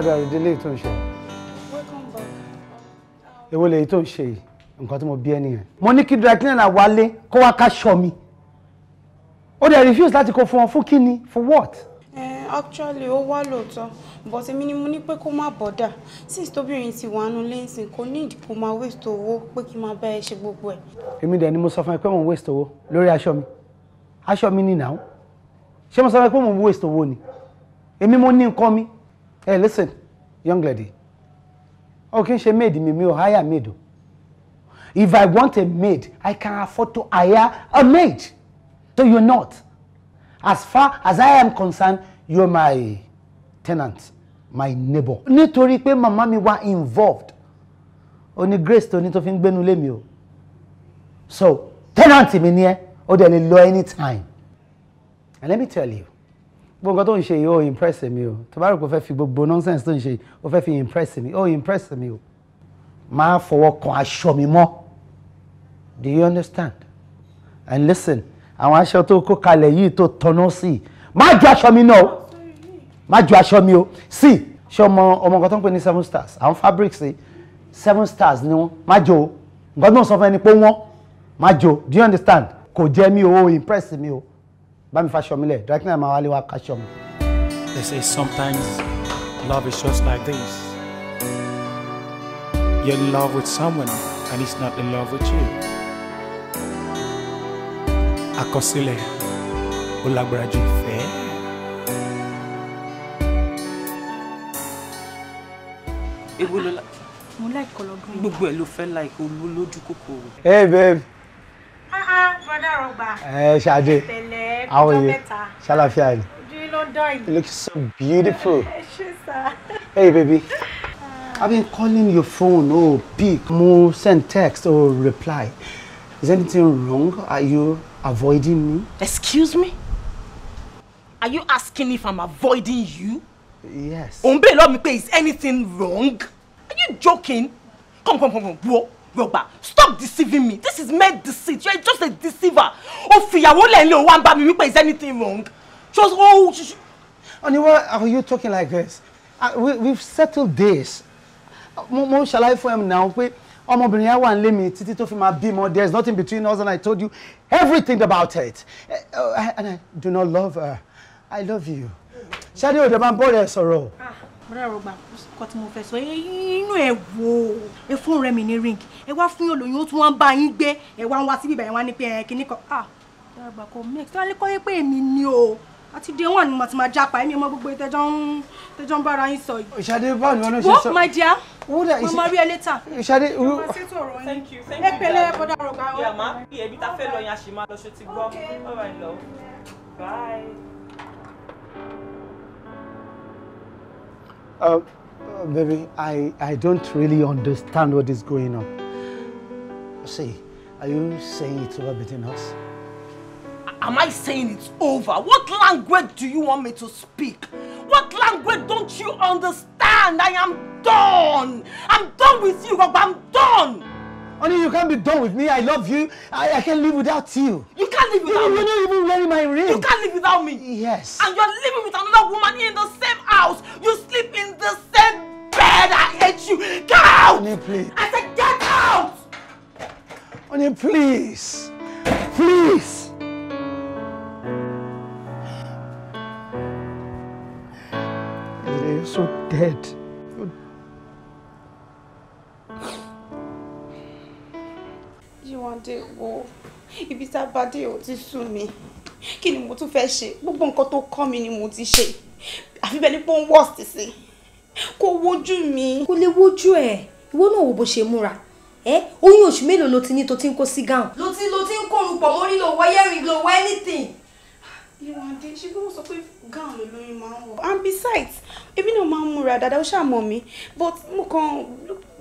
rádarà ìdílé tó ń ṣe. èwo lèyí tó ń ṣe nǹkan tí mo bí ẹni yẹn. mo ní kí dry cleaner wálé kó wá káṣọ mi ó dẹ̀ refuse láti kó fún ọ fún kí ni for what. Eh, actually ó wá lóòótọ́ but èmi ni mo ní pé kó má bọ́dà since tóbìnrin ti wà nù lẹ́sìn kò ní ìdìbò máa waste owó pé kí n máa bá ẹ ṣe gbogbo ẹ̀. èmi dẹ̀ ni mo sọ fún ẹ pé mo ń waste owó lórí aṣọ mi aṣọ mi ni ṣé mo sọ fún ẹ pé mo ń waste owó ni èmi mo ní nǹkan mi hey listen young lady o oh, kì í ṣe maid mi mi ò hire maid o if i want a maid i can afford to hire a maid so you not as far as i am concerned you my tenant my neighbor. nítorí pé màmá mi wá involved o ní grace tó ní tó fi ń gbénu lé mi o so tenant mi ni ẹ o dẹ̀ lè lọ anytime and let me tell you gbogbo nǹkan tó ń ṣe yìí ó impress mi o tó bá rò pé ó fẹ́ fi gbogbo nonsense tó ń ṣe yìí ó fẹ́ fi impress mi ó impress mi o máa fọwọ́ kan aṣọ mi mọ́ do you understand and listen àwọn aṣọ tó kó kalẹ̀ yìí tó tọ́nà sí i má ju aṣọ mi náà o má ju aṣọ mi o sí ṣé ọmọ ọmọ nǹkan tó ń pè ní seven stars àwọn fabric ṣe seven stars ni wọ́n má jò o nǹkan tó ń sọ fún ẹni pé wọ́n má jò do you understand kò jẹ́ mi o impress mi o bá mi faṣọ mi lẹ̀ drakina máa wálé wá kaṣọ mi. They say sometimes love is just like this. You're in love with someone and he's not in love with you. Àkọsílẹ̀ ó lágbára ju ìfẹ́. Ewu ló la. Mo láì kọ́ lọ bí. Gbogbo ẹ̀ ló fẹ́ láì kó lójú kòkòrò. Ẹ bẹ́ẹ̀. Ah, ah, brother Rogba. Eh, how are you? ọjọ́ mẹ́ta ṣàlàfíà ni. ojú ló you look so beautiful. Eh, eh, hey baby. Ah. I've been calling your phone, oh, pick, mo send text or oh, reply. Is anything wrong? Are you avoiding me? Excuse me? Are you asking if I'm avoiding you? Yes. Ombe lo mi is anything wrong? Are you joking? Come, come, come, come, whoa rọgbà stop deceiving me this is mere deceit You're just a deceiver Oh, fear! I won't let ń one mi wípé is anything wrong just oh. honey why are you talking like this uh, we we've settled this mo mo ṣàlàyé fún ẹ náà pé ọmọbìnrin yẹn wà ń lé mi títí tó fi máa bímọ there is nothing between us and I told you everything about it uh, I, and I do not love her I love you ṣáde òde máa ń bọ̀ rẹ̀ sọ̀rọ̀ kọ́dà rọgbà kọ́ tí mo fẹ́ sọ inú ẹ̀ wò ẹ fún ọ̀rẹ́ mi ní ring ẹ wá fún yín olóyún ó tún wá bá yín gbé ẹ wá ń wá síbí ìbàyẹn wá ní pé ẹ kíní kan ah dàgbà kò mix tí wọ́n lè kọ́ yé pé èmi ni o àti day one ni mo ti máa jápa èmi ọmọ gbogbo tẹjọ ń tẹjọ ń bára yín sọ yìí. ìṣàdé báwo ni wọn ṣe sọ. wọ́n máa jẹ́ mo máa rí ẹ létà. ìṣàdé olú. mo máa ṣètò ọ̀rọ̀ yín ẹ pẹ̀lẹ́ ẹ bọ́dà rọ̀gbà. ìyá máa ta fẹ́ lọ yẹn a sì máa lọ ṣe ti gbọ́. all right love Uh, baby, I, I don't really understand what is going on. See, are you saying it's over between us? Am I saying it's over? What language do you want me to speak? What language don't you understand? I am done! I'm done with you, Baba. I'm done! Honey, you can't be done with me. I love you. I, I can't live without you. You can't live without you, me. You're not even wearing my ring. You can't live without me. Yes. And you're living with another woman here in the same house. You sleep in the same bed. I hate you. Get out. Honey, please. I said get out. Honey, please. Please. You're so dead. Adé wo ibi tá a bá dé ò ti sú mi kí ni mo tún fẹ́ ṣe gbogbo nǹkan tó kọ́ mi ni mo ti ṣe àfi bẹ́ẹ̀ ni pé ó ń worst sí kó wojú mi. kò lè wojú ẹ ìwọ náà wo bó ṣe múra ẹ oyún oṣù mélòó ló ti ní tó ti ń kó sí gown. ló ti ló ti ń kórun pọ̀ mórí ló wọ yẹ́rìn ló anything. ìwọ̀n adé ṣé bí wọ́n sọ pé gown ló lóyún máa ń wọ̀. and besides èmi náà máa ń múra dáadáa ó ṣàmọ̀ mi but mo kàn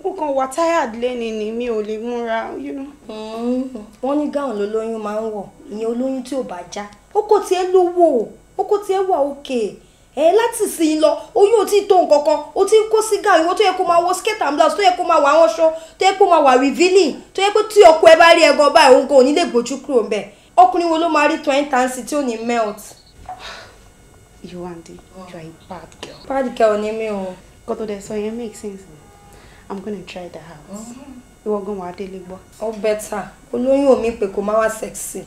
mo kàn wà tired lẹ́ni ni mi ò lè múra. Mm-hmm. wọ́n ní gáwọn lolóyún máa ń wọ̀ ìyẹn olóyún tí ò bá já ó kò tiẹ̀ lówó ó kò tiẹ̀ wà òkè ẹ láti sìn lọ oyún ò tí tó nǹkan kan ti kó sí gáà ìwọ tó yẹ kó máa wọ skirt and blouse tó yẹ kó máa wọ àwọn aṣọ tó yẹ kó máa wà revealing tó yẹ pé tí ọkọ ẹ bá rí ẹgan báyìí òun kò ní lè gbójú kúrò ń ọkùnrin wo ló máa rí twenty tansi tí ò ní melt. Yewande you are a oh. bad girl. bad girl ni mi o. kọ́tọ̀ dẹ̀ sọ yẹn make sense i'm gonna try the house. You mm-hmm. are wà á délé gbọ́. Oh, bẹ́tà olóyún omi you kò má wá sẹ́ksì.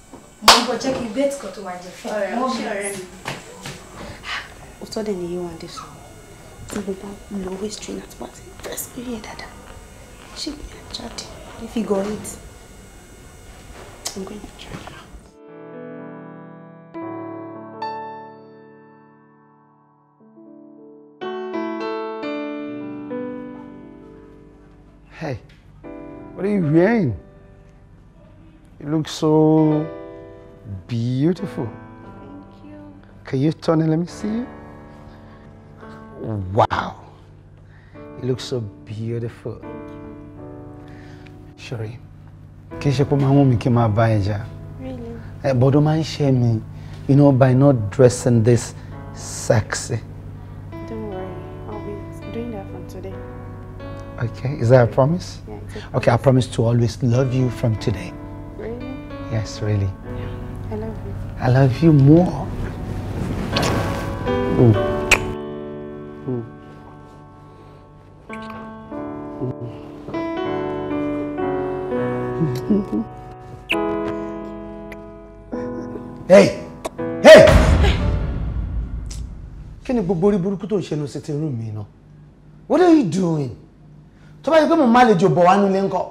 mo gbọ́ jẹ́ kí bẹ́ẹ̀tì kan tó wà jẹ́ fún mi. mo bí ọ̀rẹ́ mi. Ah, ó tọ́ dẹ̀ ní yíwọ́n dé sọ tí mo bá lo waist train àti pàtí breast if you go eat i'm going to try. Hey, what are you wearing? You look so beautiful. Thank you. Can you turn and let me see you? Wow. You look so beautiful. Sorry. Kì í ṣe pé máa ń wọ́n mi Really? Ẹ̀ eh, bọ́dọ̀ máa ń ṣe you know, by not dressing this sexy. Okay, is that a promise? Yeah, a okay, promise. I promise to always love you from today. Really? Yes, really. Yeah. I love you. I love you more. Ooh. hey! Hey! Can you gbogbo orí burúkú tó ń ṣe sitting room mi What are you doing? tó bá yẹ pé mo má lè jò bọ̀ wá nílé ńkọ́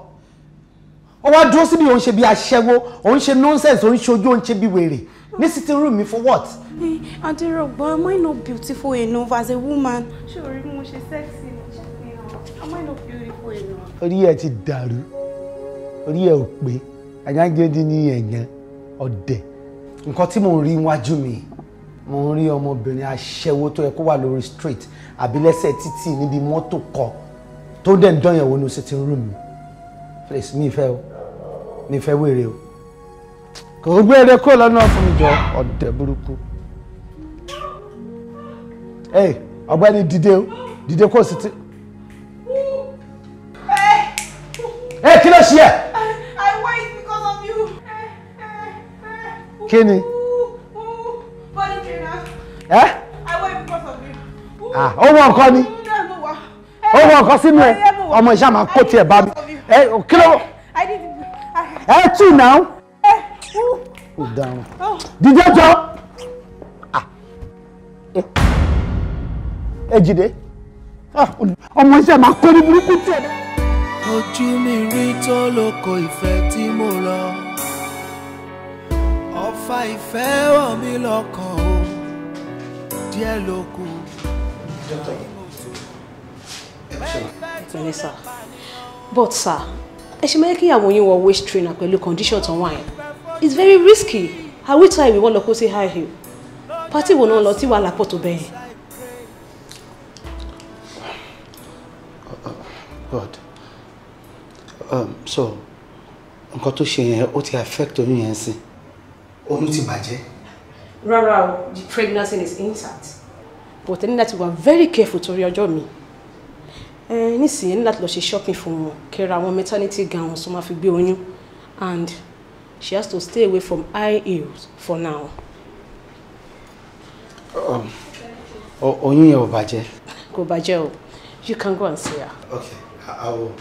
ó wá dúró síbi òun ṣe bí aṣẹ́wó òun ṣe nonsense òun ṣe ojú òun ṣe bí wèrè ní sitting room mi for what. adirogbo am I not beautiful enough as a woman. ṣé orí mo ṣe sexy mo ṣe fi am I not beautiful enough. orí ẹ ti dàrú orí ẹ ò pé àyángédé ní ẹ̀yàn ọ̀dẹ̀ nǹkan tí mò ń rí iwájú mi mò ń rí ọmọbìnrin aṣẹ́wó tó yẹ kó wà lórí street àbí títì níbi mọ́tò kan tó dẹ̀ ń dán yẹn wo ní sitting room mi please mi ìfẹ́ o mi ìfẹ́ wèrè o kò gbé ẹrẹ kó lọ́nà fún mi jọ ọ̀dẹ̀ burúkú ẹ ọ̀gbẹ́ni dìde o dìde kó sì ti. ẹ kí ló ṣe ẹ. I wait because of you. kí ni. body cleaner. ẹ. I wait because of you. ah ó wọ nǹkan ni wọ nǹkan sínú ẹ ọmọ ìṣá máa kó tiẹ̀ bá mi ẹ kí ló ẹ tù náà ó dáhùn dídé jọ ẹ jìde ọmọ ìṣá máa kó ní burúkú tiẹ̀. ojú mi rí tó lóko ìfẹ́ tí mo lọ ọ̀fà ìfẹ́ wọ̀ mí lọ́kàn o díẹ̀ ló kù. dókítà you. Mẹ́sà. But sir, ẹ ṣe mẹ́rin kíyàwó yín wọ waist trainer pẹ̀lú condition tó wine. It's very risky. Àwí ta ìwé wọ́n lọ kó sí high Party will not náà lọ tí wàá lápò to bẹ́yìn. Uh, uh, God. Um, so, nǹkan tó ṣe yẹn ó ti affect oyún yẹn sí. Oyún ti bàjẹ́. Rárá o, the pregnancy is intact. But ẹ ní láti wà very careful to reassure me nísìnyí láti lọ ṣe shopping fún wọn kẹra àwọn maternity gowns tó máa fi gbé oyún and she has to stay away from high heels for now. Um, oyún yẹn ò bàjẹ́. kò bàjẹ́ o you can go and see her. okay i will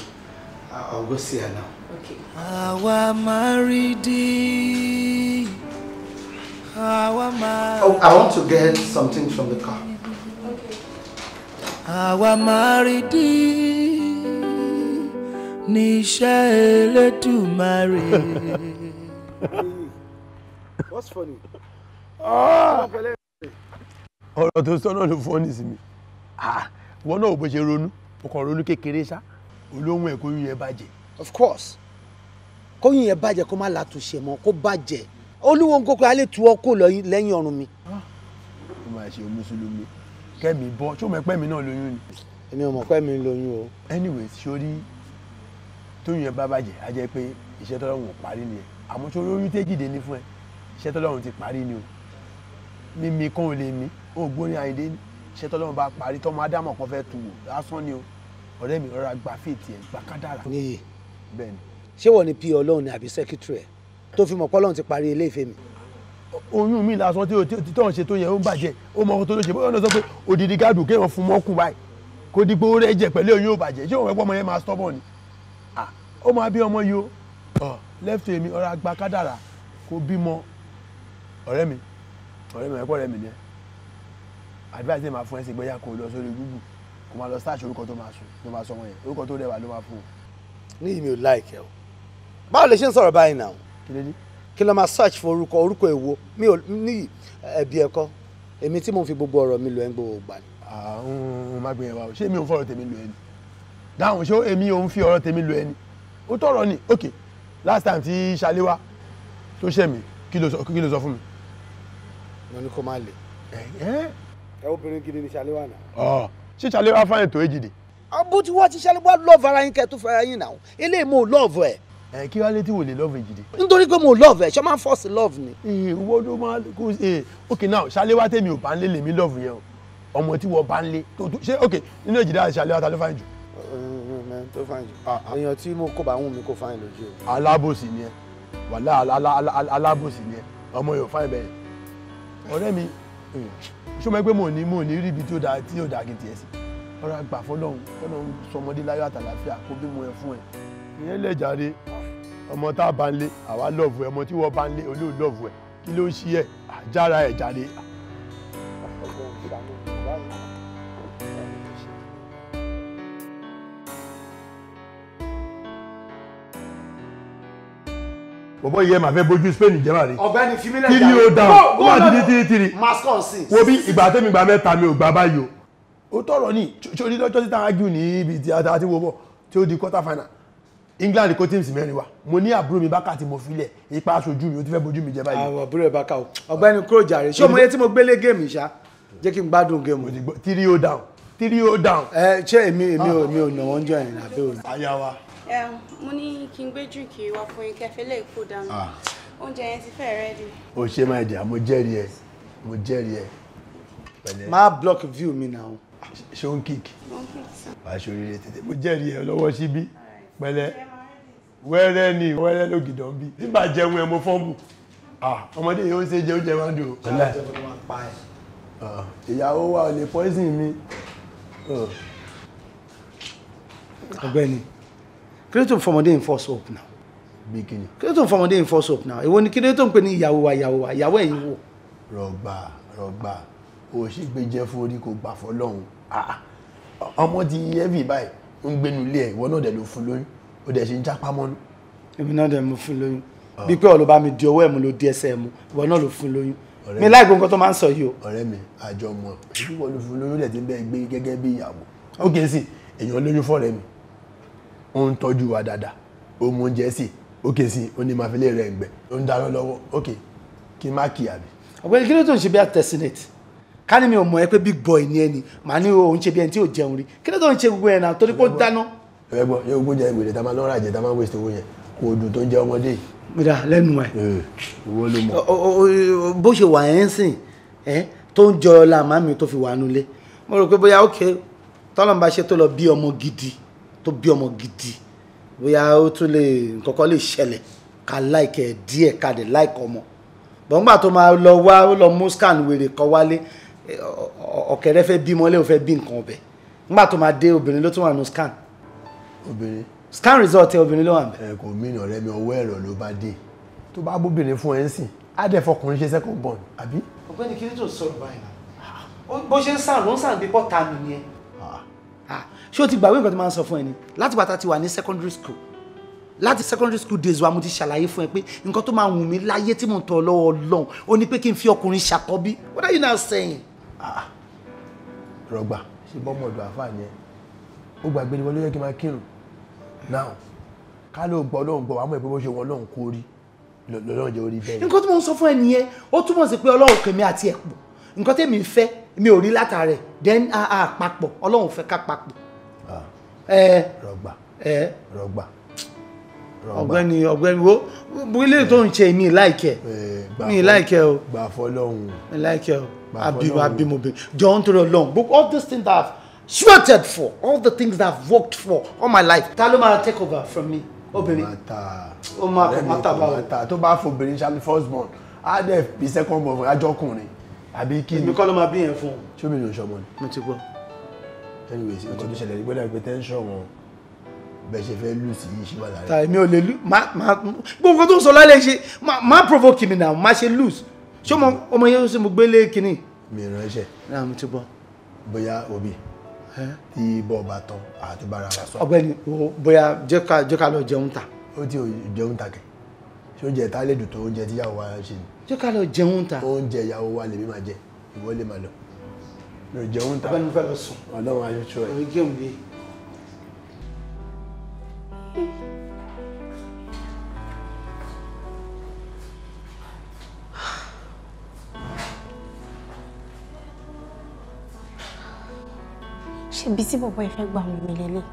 i will go see her now. okay. àwa máa rí di. oh i want to get something from the car àwa máa rí dí ní iṣẹ́ Elédùmarè. What's funny? Ah! ọ̀rọ̀ tó sọ náà ló fọ́ ní sinmi ah! wọn náà ò bó ṣe ronú ọkàn ronú kékeré ṣá olóhùn ẹ̀ kó yún yẹn bàjẹ́. of course kó yún yẹn bàjẹ́ kó má látúnṣe mọ́ kó bàjẹ́ olúwo ń kókó alẹ́ tu ọ́ kó lọ lẹ́yìn ọ̀run mi. Ah! ó máa ṣe mùsùlùmí kẹ́mi bọ́ ṣó mọ̀ pé mi náà lóyún ni. èmi ò mọ̀ pé mi lóyún o. anyway sórí tóyún ẹ bá bàjẹ́ á jẹ́ pé iṣẹ́ tọ́lọ́run ò parí ni ẹ àmọ́ sórí oyún tẹ́jìdé ní fún ẹ iṣẹ́ tọ́lọ́run ti parí ni o mímí kan ò lè mí ó gbórí àyíndé iṣẹ́ tọ́lọ́run bá parí tọ́mọ ádámọ̀ kan fẹ́ tu wò lásán ni o ọ̀rẹ́ mi rọra gba fèètì ẹ̀ gba kádàrà. níyì bẹ́ẹ̀ ni. ṣé wọ́n ni pí ọlọ́run ni àbí sẹ́kítírì ẹ̀ tó fi mọ̀ pé ti parí ilé ìfẹ́ mi oyún mi lásán tí tó ń ṣe tó yẹ o ń bàjẹ́ ó mọ ohun tó ló ṣe bóyá ọ̀nà sọ pé òdìdí gáàdù kéèyàn fún mọ́kùn báyìí kó di pé ó rẹ̀ jẹ̀ pẹ̀lú oyún ò bàjẹ́ ṣé òun ẹ̀pọ̀ ọmọ yẹn máa stọ́bọ̀n ni ó máa bí ọmọ yìí ó lẹ́fẹ̀tì èmi ọ̀rọ̀ àgbà kádàrà kó bímọ ọ̀rẹ́ mi ọ̀rẹ́ mi ẹ̀pọ̀ ọ̀rẹ́ mi ni ẹ̀ advice máa fún ẹ sí pé yà kó lọ sórí Google kó máa lọ search orúkọ tó máa sùn ló máa sọ ọmọ yẹn orúkọ tó rẹwà ló máa o báwo lè ṣe ń sọ̀rọ̀ báyìí náà. kí ló dé kí ló máa search for orúkọ orúkọ èwo mi ò ní ẹ̀bi ẹ̀kọ́ èmi tí mo fi gbogbo ọ̀rọ̀ mi lò ẹ́ ń gbowó gbà ni. àwọn má gbé yẹn wá o ṣé èmi ò ń fọ̀rọ̀ tèmi lò ẹni dáhùn ṣé èmi ò ń fi ọ̀rọ̀ tèmi lò ẹni ó tọrọ ni ok last time tí ṣaléwá tó ṣẹ̀ mí kí ló sọ fún mi. mo ní kó má lè. ẹ obìnrin gidi ni ṣaléwá náà. ọ ṣé ṣaléwá fáyẹn tó èjì dè. bó ti wá ti ṣaléwá lọ́ọ̀fù ara yín kẹ́ẹ̀ tó fara yín náà eléyìí mo lọ́ọ̀fù ẹ̀ ẹ kí wálé tí wò lè love èjìdí. nítorí pé mo love ẹ ṣé máa ń force love ni. Eh, ìwọ ló máa kó ṣe eh, okay now ṣáléwá tèmi ò bá ń lé lèmi love yẹn o ọmọ tí wọ́n bá ń lé tó tó ṣe okay nínú èjìdí àti ṣáléwá ta ló fáyìn jù. tó fáyìn jù èèyàn tí mo kó bá wù mí kó fáyìn lójú. alábòsí ni ẹ wàhálà alábòsí ni ẹ ọmọ yóò fáyìn bẹ́ẹ̀ ọ̀rẹ́ mi eh, ṣó mọ̀ pé mo ní mo ní rí ibi tó dáa tí yóò dáa kìtì ẹ̀ sí ọ̀rọ̀ àgbà fọlọ́run ìyẹn lẹ̀ jàre ọmọ tá a bá ń lé àwa lọ́ọ̀fù ẹ̀ ọmọ tí wọ́n bá ń lé olóò lọ́ọ̀fù ẹ̀ kí ló ń ṣí ẹ̀ àjára ẹ̀ jàre. bọ̀bọ̀ yẹ màá fẹ́ bójú Spain jẹ́ màrí. ọ̀gbẹ́ni fimilẹ jàre kí ni o dàn ó wà títí títí tiri. mascon wo bí ìgbà tẹ́mi gba mẹ́ta mi ò gba báyìí o. tọrọ ní sórí lọ́jọ́ títà ájú ní ibi tí a ti wo bọ̀ tí ó di quarter final england kó tíìmù mẹ́rin wa mo ní àbúrò mi bákà tí mo filẹ̀ ipa aṣojú mi ó ti fẹ́ bojú mi jẹ báyìí. àwọn àbúrò ẹ̀ bákà o ọ̀gbẹ́ni kúrò jàre ṣé ọmọ yẹn tí mo gbélé géèmù ṣá jẹ́ kí n gbádùn géèmù. three o oh down three o oh down. ẹ ṣé èmi èmi ò mi ò nà wọ́n jọ ẹ̀yìn àbẹ́ òní. àyà wa. ẹ mo ní kí n gbé jù kí wá fún yín kẹfẹ́ lè kó dànù ah. oúnjẹ yẹn ti fẹ́ ready. o ṣe máa dì mo jẹ́rìí ẹ mo jẹ́rìí ẹ. má block view mi náà. ṣé ó ń kíkì. ó ń kíkì pẹ̀lẹ́ wẹ́rẹ́ ni wẹ́rẹ́ lògìdọ̀ bí nígbà jẹun ẹ̀ mo fọ́nbù ọmọdé yìí ó ń ṣe jẹun jẹ máa ń dùn. ìyàwó wa ò lè poison mi. ọ̀gbẹ́ni kí ló tó ń fọmọdé ń fọ soap náà bikini. kí ló tó ń fọmọdé ń fọ soap náà èwo ni kí ló tó ń pè ní ìyàwó wa ìyàwó wa ìyàwó ẹ̀yin wò. rọgbà rọgbà o ṣì gbé jẹ fún orí kò gbà fọlọ́hún ọmọ ti yẹ́bì báyìí ń gbénu ilé ẹ̀ ìwọ náà dẹ̀ ló fún lóyún ó dẹ̀ ṣe ń jápá mọ́nú. èmi náà dẹ̀ mo fún lóyún ah. bí pé ọ̀lọ́ bá mi di owó ẹ̀ mu ló di ẹsẹ̀ mu ìwọ náà ló fún lóyún mi láì gbọ́ nǹkan tó máa ń sọ yìí o. ọ̀rẹ́ mi àjọ mọ̀ ìwọ ló fún lóyún dẹ̀ ti bẹ́ẹ̀ gbé gẹ́gẹ́ bí ìyàwó ó kì í sì èèyàn lóyún fọ́ọ̀rẹ́ mi ó ń tọ́jú wa dáadáa ó mú oúnjẹ sí ká ní mi ò mọ̀ ẹ́ pé big boy ni ẹni màá ní òun ṣe bí ẹni tí ò jẹun rí kí ló tó ń ṣe gbogbo ẹ̀ náà torí pé ó dáná. ẹ gbọ́ yóò gbọ́ jẹ ìwèrè tá a máa lọ́ra jẹ tá a máa waste owó yẹn kò dùn tó ń jẹ ọmọdé. gbọ́dọ̀ lẹ́nu ẹ̀. ìwọ ló mọ̀. bó ṣe wà ẹ́ ń sìn ẹ́ tó ń jọ ọlá màmí tó fi wà nulẹ̀ mo rò pé bóyá ókè tọ́lọ́n bá ṣe tó lọ bí ọmọ gidi tó bí ọmọ gidi bóyá ó tún lè kọ́kọ́ lè ṣẹlẹ̀ ká láìkẹ́ díẹ̀ ká dẹ̀ láìkọ́ ọmọ bọ̀ǹgbà tó máa lọ wá lọ mú wèrè kọ́ wálé ọ̀kẹ́rẹ́ fẹ́ bímọ lé o fẹ́ bí nǹkan ọbẹ̀ nígbà tó máa dé obìnrin ló tún wà nù scan. obìnrin. scan result ẹ obìnrin ló wà nbẹ. ẹ kò mí ọ̀rẹ́ mi ọwọ́ ẹ̀rọ ló bá dé tó bá bóbìnrin fún ẹ ń sìn á dẹ̀ fọkùnrin ṣe second born àbí. ọ̀gbẹ́ni kí ló tó sọ̀rọ̀ báyìí náà bó ṣe ń sàn ló ń sàn bí pọ́ta mi nìyẹn. ṣé o ti gbàgbé nǹkan tó máa ń sọ fún ẹ ni láti bàtà ti wà ní secondary school láti secondary school days wa mo ti ṣàlàyé fún ẹ pé nǹkan tó máa wù mí láyé tí mo ń tọ̀ lọ́wọ́ Ọlọ́run ó ní pé kí n fi ọkùnrin ṣàkọ́bí what are you now saying? Ah, rọgbà ṣe bọ́ mọ̀ ọ̀dọ̀ àfáà yẹn ó gbàgbé ni wọ́n ló yẹ kí n máa kírun now ká ló gbọ́ ọlọ́run gbọ́ àmọ́ ìpínpín ṣe wọn ọlọ́run kó rí lọ́lọ́run jẹ́ orí bẹ́ẹ̀. nǹkan tí mo ń sọ fún ẹ nìyẹn ó túmọ̀ sí pé ọlọ́run kèmí àti ẹ̀pọ̀ nǹkan tèmi fẹ́ mi ò rí látàrẹ̀ then a a papọ̀ ọlọ́run fẹ́ ká papọ̀. Ah, rọgbà rọgbà ọ̀gbẹ́ni ọ̀gbẹ́ni wo bílẹ̀ tó ń ṣe mi láìkẹ́ eh, mi láìkẹ́ o. gbà fọlọ́hún. mi láìkẹ́ o abimu abimu bi jọ n torí Ọlọ́run all these things that I've sweated for all the things that I've worked for all my life ta ló take over from me obìnrin ó máa kò máa tà báwo tó bá fobìnrin ṣáà ní first born á dẹ̀ bí second born ajọ́kùnrin àbí kí ni èmi kọ́ ló máa bí yẹn fún un. ṣé mi ò ṣọmọ ni. mo ti gbọ́. anyways nǹkan tó ṣẹlẹ̀ ní gbọ́dọ̀ pé tẹ́ńṣọ̀ wọn bẹ́ẹ̀ ṣe fẹ́ lù sí yìí ṣe wà lára. tàbí mi ò lè lù máa gbogbo nǹkan tó ń sọ lálẹ́ ṣe máa provoke mi náà máa ṣe lose ṣé ọmọ yẹn ṣe mo gbélé kínní. mi ránṣẹ́. náà mo ti bọ́. bóyá òbí tí bọ́ọ̀bà tán àti bára wa sọ. ọ̀gbẹ́ni bóyá jẹ́ ká jẹ́ ká lọ jẹun ta. ó ti jẹun ta kẹ ṣé oúnjẹ ta lè dùn tó oúnjẹ tí ìyàwó wa ṣe ni. jẹ́ ká lọ jẹun ta. oúnjẹ ìyàwó wa lèmi máa jẹ ìwọ lè máa lọ. jẹun ta ọ̀gbẹ́ni fẹ́ lọ sùn. Ọlọ́run ayọ̀ ṣọ́ orí géèmù bíi. ṣèbí tí bọ̀bọ̀ ìfẹ́ gbà mí mi lélẹ̀.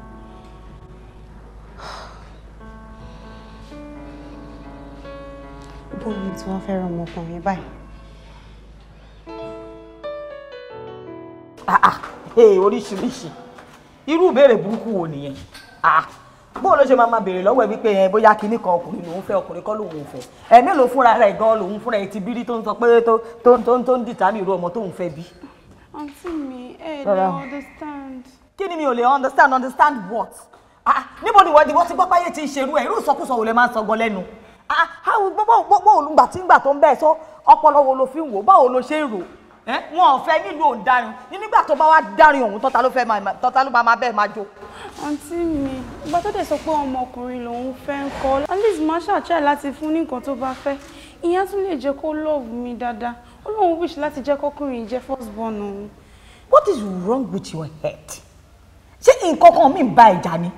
bóun tí wọ́n fẹ́ràn ọmọkùnrin báyìí. ah ah hey oríṣiríṣi irú ìbéèrè burúkú wo nìyẹn ah bóun ló ṣe máa máa béèrè lọ́wọ́ ẹ wípé ẹ eh, bóyá kinní kan ọkùnrin lòún fẹ́ ọkùnrin kọ́ lòún fẹ́ ẹ mélòó fúnra rẹ̀ gan lòún fúnra ẹ ti bírí tó ń sọ pé tó ń tó ń dìtàmì irú ọmọ tóun fẹ́ bí àǹtí mi ẹ lè understand. Kini mi ole, understand understand what? ah nobody ah, níbo ni wọ́n ti wọ́n ti gbọ́ páyé ti ń ṣerú ẹ̀ irú ìsọkúsọ wo lè máa ń sọ gan lẹ́nu. ah báwo báwo gbà tí ń gbà tó ń bẹ́ẹ̀ sọ ọpọlọ wo lo fi ń wò báwo lo ṣe ń rò eh, wọn ò fẹ́ nílùú òǹdarin nígbà tó bá wá darin òun tọ́ta ló fẹ́ tọ́ta ló máa bẹ́ẹ̀ máa jó. àǹtí mi ìgbà tó dẹ̀ sọ pé ọmọkùnrin lòun fẹ́ ń kọ́ alice marshal try láti fún ní nǹkan tó bá fẹ́ ìyẹn tún lè jẹ́ kó love mi dáadáa Ọlọ́run wíṣ láti jẹ́ kọ́kùnrin jẹ́ first born òun. What is wrong with your head? Ṣé nǹkan kan mi ń ba ìjà ni?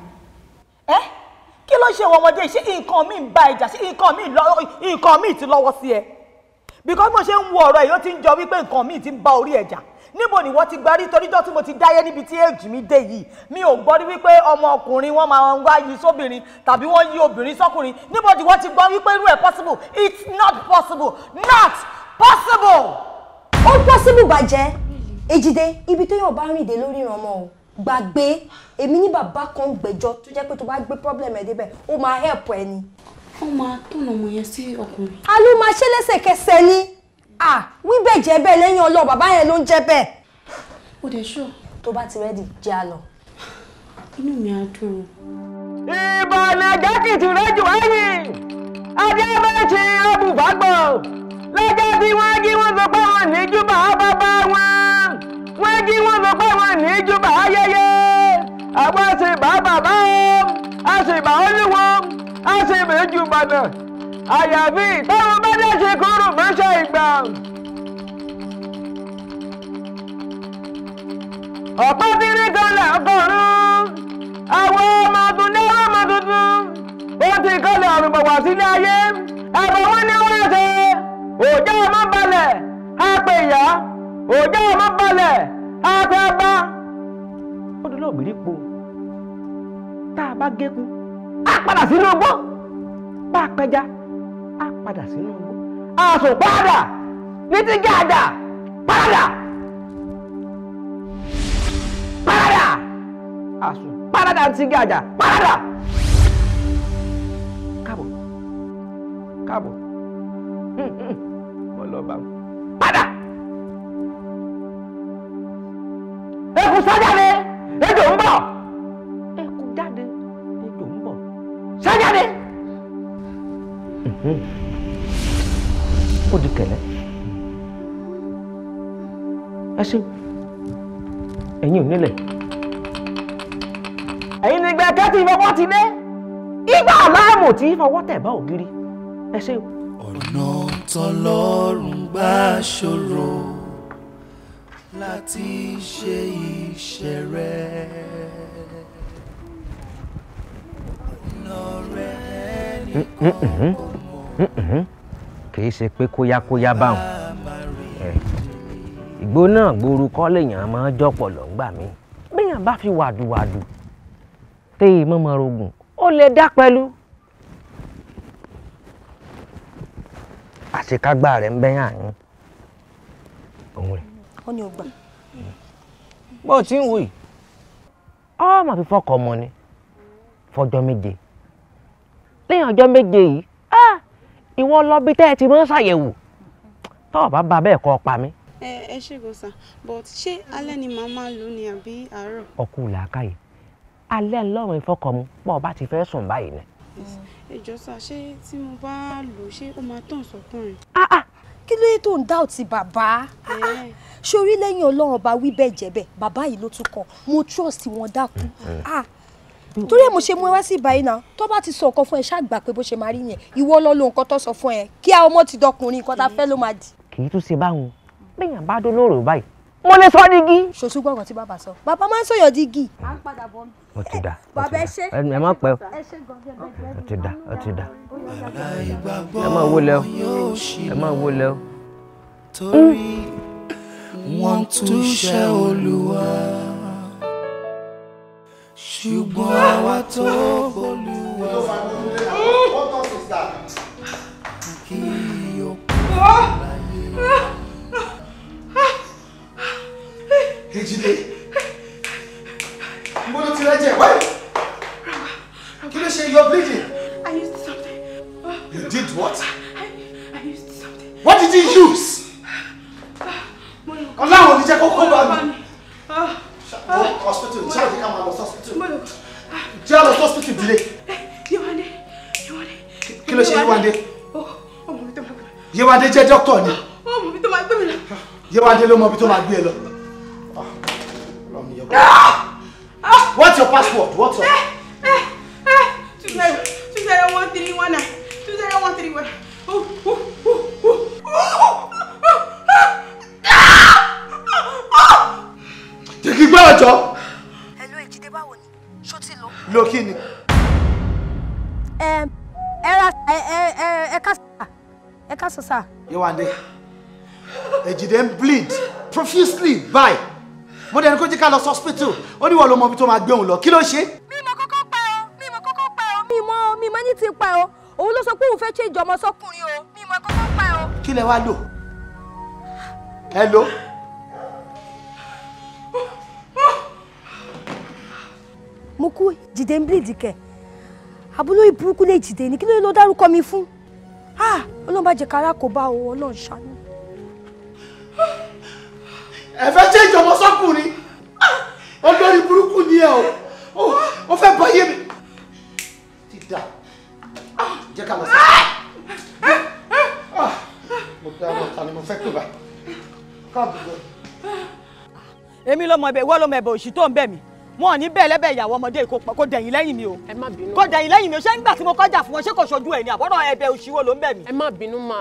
Ẹ́ kí ló ṣe ọmọdé ṣé nǹkan mi ń ba ìjà ṣé nǹkan mi ti lọ́wọ́ sí ẹ? Because mo ṣe ń wo ọ̀rọ̀ ẹ̀ yóò ti ń jọ wípé nǹkan mi ti ń ba orí ẹ̀ jà níbo ni wọ́n ti gba rí toríjọ́ tí mo ti dáyé níbi tí èjì mi dé yìí mi ò gbọ́ rí wípé ọmọkùnrin wọ́n máa ń wá yí sóbìnrin tàbí wọ́n yí obìnrin sọ́kùnrin níbo ni wọ́n ti gbọ́ wípé irú ẹ̀ possible it's not possible not possible. ó possible bàjẹ́ èjìdé ibi téèyàn bá rìn dé lórí ìrànmọ́ o gbàgbé èmi ní bàbá kan gbẹ́jọ́ tó jẹ́ pé tó bá gbé problem ẹ̀ débẹ̀ ó máa help ẹ ni. ó máa tọ̀nà ọmọ yẹn sí ọkùnrin. a ló máa ṣe lẹ́sẹ̀kẹsẹ̀ ni wí bẹ́ẹ̀ jẹ́ bẹ́ẹ̀ lẹ́yìn ọlọ́ọ̀ bàbá yẹn ló ń jẹ́ bẹ́ẹ̀. ó dẹ̀ ṣọ́. tó bá ti rẹ́dì jẹ́ a lọ. inú mi á dùn. ìbọn nàìjíríà kìtì rẹ́jù ẹ̀yìn ajá méjì abùbágbọ̀ lọ́jọ́ tí wọ́n jí wọ́n sọ pé wọ́n ní júbà bàbá wọn wọ́n jí wọ́n sọ pé wọ́n ní júbà ayẹyẹ àwọn àṣìbà bàbá o àṣìbà olúwo àṣìbà ìjùbọ̀nà àyàfi táwọn bá dé ṣe kúrò mọ́ṣẹ́ ìgbà. ọ̀pọ̀ tí ní kan là ń kọrún àwọn ọmọ tuntun ọmọ tuntun ó ti kọ́lé ọ̀rùn bọ̀wọ̀ sílé ayé àbọ̀ ni wọ́n ṣe òjá ọmọ balẹ̀ á pe ìyá òjá ọmọ balẹ̀ á pe ọba ó dúró gbèríko tá a bá gẹ́kun á padà sínú ọgbọ́ bá a pẹja á padà sínú ọgbọ́ á sùn padà ní ti gàdà padà padà á sùn padà ní ti gàdà padà káàbọ̀ káàbọ̀ ọba padà. ẹkùn sájáde ejò ń bọ̀ ẹkùn jáde ejò ń bọ̀ sájáde. ó di kẹlẹ ẹ ṣeun ẹ̀yin ò nílẹ̀ ẹ̀yin ni gbẹ̀kẹ́ ti fọwọ́ ti dé igbá aláàmù tí fọwọ́ tẹ̀ bá ògiri ẹ ṣeun. ọ̀nà tọ́lọ́run bá ṣòro láti ṣe iṣẹ́ rẹ̀ lọ́rẹ́ nìkan kò mọ̀. kì í ṣe pé kóyákóyá báwọn ìgbó náà gbooru kọ́ lèèyàn máa jọ́pọ̀ lọ́ngbà mi béèyàn bá fi wàdùwàdù téè mọ́mọ́ rogun ó lè dá pẹ̀lú. àṣekágbá rẹ̀ ń bẹ́yàn yín òun rẹ̀. ó ní ọgbà. bó o ti ń wò yìí ọmọ fi fọkọ ọmọ ni fọjọ́ méje lẹ́yìn ọjọ́ méje yìí ìwọ lọ bí tẹ́ ẹ ti máa ń ṣàyẹ̀wò tọ́ọ̀ bá ba bẹ́ẹ̀ kọ́ pa mí ẹ ṣe kò sà but ṣé alẹ́ ni màá máa lò ní àbí àárọ̀. ọkù làákàyè alẹ́ ńlọrọ̀ ìfọkànmu pọ̀ bá ti fẹ́ sùn báyìí ni ẹjọ́ sá ṣé tí mo bá lò ṣé ó máa tàn sọkùnrin. Ah, ah, kí ló yẹ tó ń dá òtí bàbá sórí ah, eh. lẹ́yìn ọlọ́run ọba wí bẹ́ẹ̀ jẹ́ bẹ́ẹ̀ bàbá yìí ló tún kàn mo trust wọn dákun eh, eh. torí ẹ mo ṣe mú ẹ wá sí ìbáyìí náà tó bá ti sọ nǹkan fún ẹ ṣáàgbà pé bó ṣe máa rí yẹn ìwọ lọ lo nǹkan tó sọ fún ẹ kí a ọmọ ti dọkùnrin nǹkan tá a fẹ́ ló máa dì. kì í tún ṣe báwọn bẹ́ẹ̀ yàn bá dó lóòrò báyìí mo lè sọ dígí. ṣòṣù gbọ́ngàn tí bàbá sọ bàbá máa ń sọ̀yọ̀ dígì. à ń padà bọ̀ mi. ó ti dà bàbá ẹ ṣe ẹ má pẹ́ o ó ti dà ó ti dà ẹ má wọlé o ẹ má wọlé o. Mm. wọ́n tún ṣe olúwa ṣùgbọ́n àwa tó bolúwa mm. kì í yọ. Èjìdé. Mo ló ti rẹ́jẹ̀. Wait! Kí ló ṣe you're bleeding? I used something. You did what? I, I used something. What did you use? Ọláwọ̀ ò ní jẹ́ kó kó bá mi. Hospital, ṣáà jẹ́ ká máa lọ sí hospital. Jẹ́ àlọ́ sí hospital delay. Eh, Yéwándé, Yéwándé. Kí ló ṣe Yéwándé? Oh, oh, Yéwándé jẹ́ dókítà ni. Oh, Yéwándé ló mọ ibi tó máa gbé e lọ. Ah! What's your password? What's your... Eh, eh, eh. Two zero, two zero one three one nine, two zero one three one. Ooh, ooh, ooh, ooh. Tèkì gbọ́ ọjọ́. Hello Èjìdé báwo ni? Ṣó ti lọ? Lo kí ni? Ẹ ra ẹ ká sọ̀sà. Ẹ ká sọ̀sà. Yéwándé, Èjìdé ń bleed profusely bye mo dẹ̀ ní kó jẹ́ ká lọ sọ́spítù ó ní wọ́n ló mọ ibi tó máa gbé òun lọ kí ló ṣe. mi mọ kókó pa ọ mi mọ kókó pa ọ. mi mọ mi mọ ní ti pa ọ òun ló sọ pé òun fẹ́ ṣe ìjọmọ sọkùnrin o mi mọ pa ọ. kí lẹ wá lò ẹ lò. mo kú jìdé ń bíríìdì kẹ àbúlọ ìburúkú lè jìdé ni kí ló lọ dárúkọ mi fún ah! ọlọ́run bá jẹ́ bá ọ ọlọ́run ṣàánú ẹ fẹ́ ṣe ìjọba sọ́kùnrin ah, olórí burúkú ni ẹ o ó fẹ́ bọ́ yé mi ti dà ah, jẹ́ ká lọ sí ah! mo dá lọ ta ni mo fẹ́ pè bá káàbù lọ. èmi ló mọ ẹ̀bẹ̀ ìwọ ló ẹ̀bẹ̀ òṣì tó ń bẹ̀ mí wọn ò ní bẹ́ẹ̀ lẹ́bẹ̀ ìyàwó ọmọdé kò dẹ̀yìn lẹ́yìn mi o. ẹ má bínú. kò dẹ̀yìn lẹ́yìn mi o ṣé nígbà tí mo kọjá fún wọn ṣé kò ṣojú ẹ ni àbọ̀dọ̀ ẹ̀bẹ̀ òṣìwò ló ń bẹ̀ mí. ẹ má bínú ma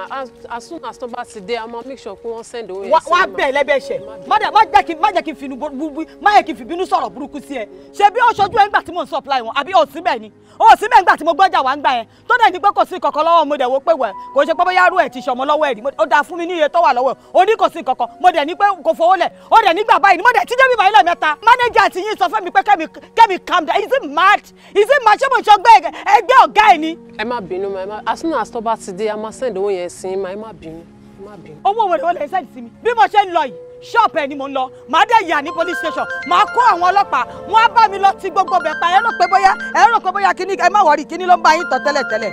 as soon as tó bá ti dé a máa make sure pé wọ́n send owó yẹn sí ma. wọ́n á lẹ́bẹ̀ ṣẹ̀ má jẹ́ kí n finú burúkú má yẹ kí n fìbínú sọ̀rọ̀ burúkú sí ẹ ṣé bí ó ṣojú ẹ nígbà tí mò ń supply wọn àbí ò síbẹ̀ ni ò síbẹ̀ nígbà tí mo gbọ́jà wá ń gbà yẹn tó dẹ̀ ní pé kò sí kankan lọ́wọ́ mo dẹ̀ wo pé wẹ̀ kò ṣe pé bóyá arú ẹ̀ ti ṣọmọ lọ́wọ́ ẹ̀ rí ó dáa fún mi ní iye tó wà lọ́wọ́ ẹ̀ ó ní kò sí kankan mo dẹ̀ ní pé kò fowó lẹ̀ ó dẹ̀ nígbà báyìí ni mo dẹ̀ tíjẹ́ bíbá ilẹ̀ mẹ́ta mánéjà àti yín sọ fẹ́ mi pé kẹ́mi kẹ́mi calm down is it mad is it mad ṣé mo ṣọgbẹ́ ẹgbẹ́ ọ̀gá ẹ̀ ni. ẹ má bínú ma ẹ má as soon as tó bá ti dé a máa send owó yẹn sí ma ẹ má bínú ẹ má bínú. owó wo ni wọ́n lè send sí mi bí mo ṣe ń lọ yìí ṣọ́ọ̀bù ẹ̀ ni mo ń lọ màá dẹ̀ yà ní police station màá kó àwọn ọlọ́pàá wọn á bá mi lọ ti gbogbo bẹ̀ pa ẹ rò pé bóyá ẹ rò pé bóyá kíní ẹ má wọrí kíní ló ń bá yín tọ̀ tẹ́lẹ̀tẹ́lẹ̀.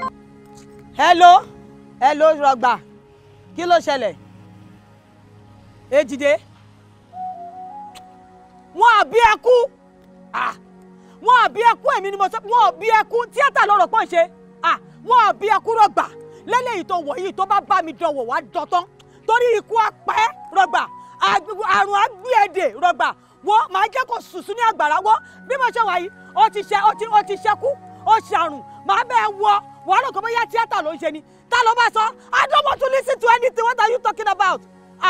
hello hello rọgbà kí ló ṣẹlẹ̀ èjìdé wọn àbí ẹkú. Ah, wọn àbí ẹkún èmi ni mo sọ wọn àbí ẹkún tíátà lọ́rọ̀ pọ̀ ń ṣe ah, wọn àbí ẹkún rọgbà lélẹ́yìí tó wọ̀ yìí tó bá bá mi dọ̀wọ̀ wá dọ̀tán torí ikú apẹ́ rọgbà àrùn agbẹ́ẹ̀dẹ̀ rọgbà wọ́n máa jẹ́ kó sùsù ní àgbàrá wọ́n bí mo ṣe wà yìí ó ti ṣe ó ti ṣẹkú ó ṣe àrùn màá bẹ́ẹ̀ wọ wàhálà kan bóyá tíátà ló ń ṣe ni ta ló bá sọ I don't want to listen to anything what are you talking about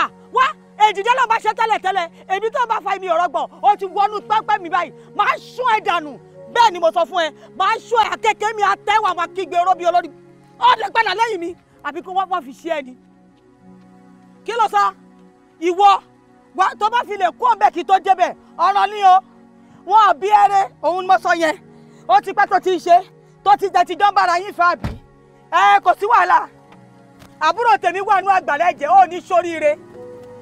ah wá èjìjẹ́ lọ́ọ́ bá ṣe tẹ́lẹ̀ tẹ́lẹ̀ èmi tó ń bá fa èmi ọ̀rọ̀ gbọ̀n ó ti wọnú pẹ́pẹ́ mi báyìí máa sún ẹ dànù bẹ́ẹ̀ ni mo sọ fún ẹ máa sún ẹ àkẹ́kẹ́ mi àtẹ́wà máa kígbe oró bíi olórí ó lè padà lẹ́yìn mi àbí kó wọ́n fi ṣe ẹ ni. kí ló sọ ìwọ wa tó bá fi lè kú ọ̀bẹ kí tó débẹ̀ ọ̀ràn ni o wọn àbí ẹrẹ òun mo sọ yẹn ó ti pẹ́ tó ti ṣe tó ti jẹ ti dán bára yín fa àbí ẹ kò sí wàhálà àbúrò tèmi wà nú àgbàlẹ̀ ẹ̀jẹ̀ ó ní sóríire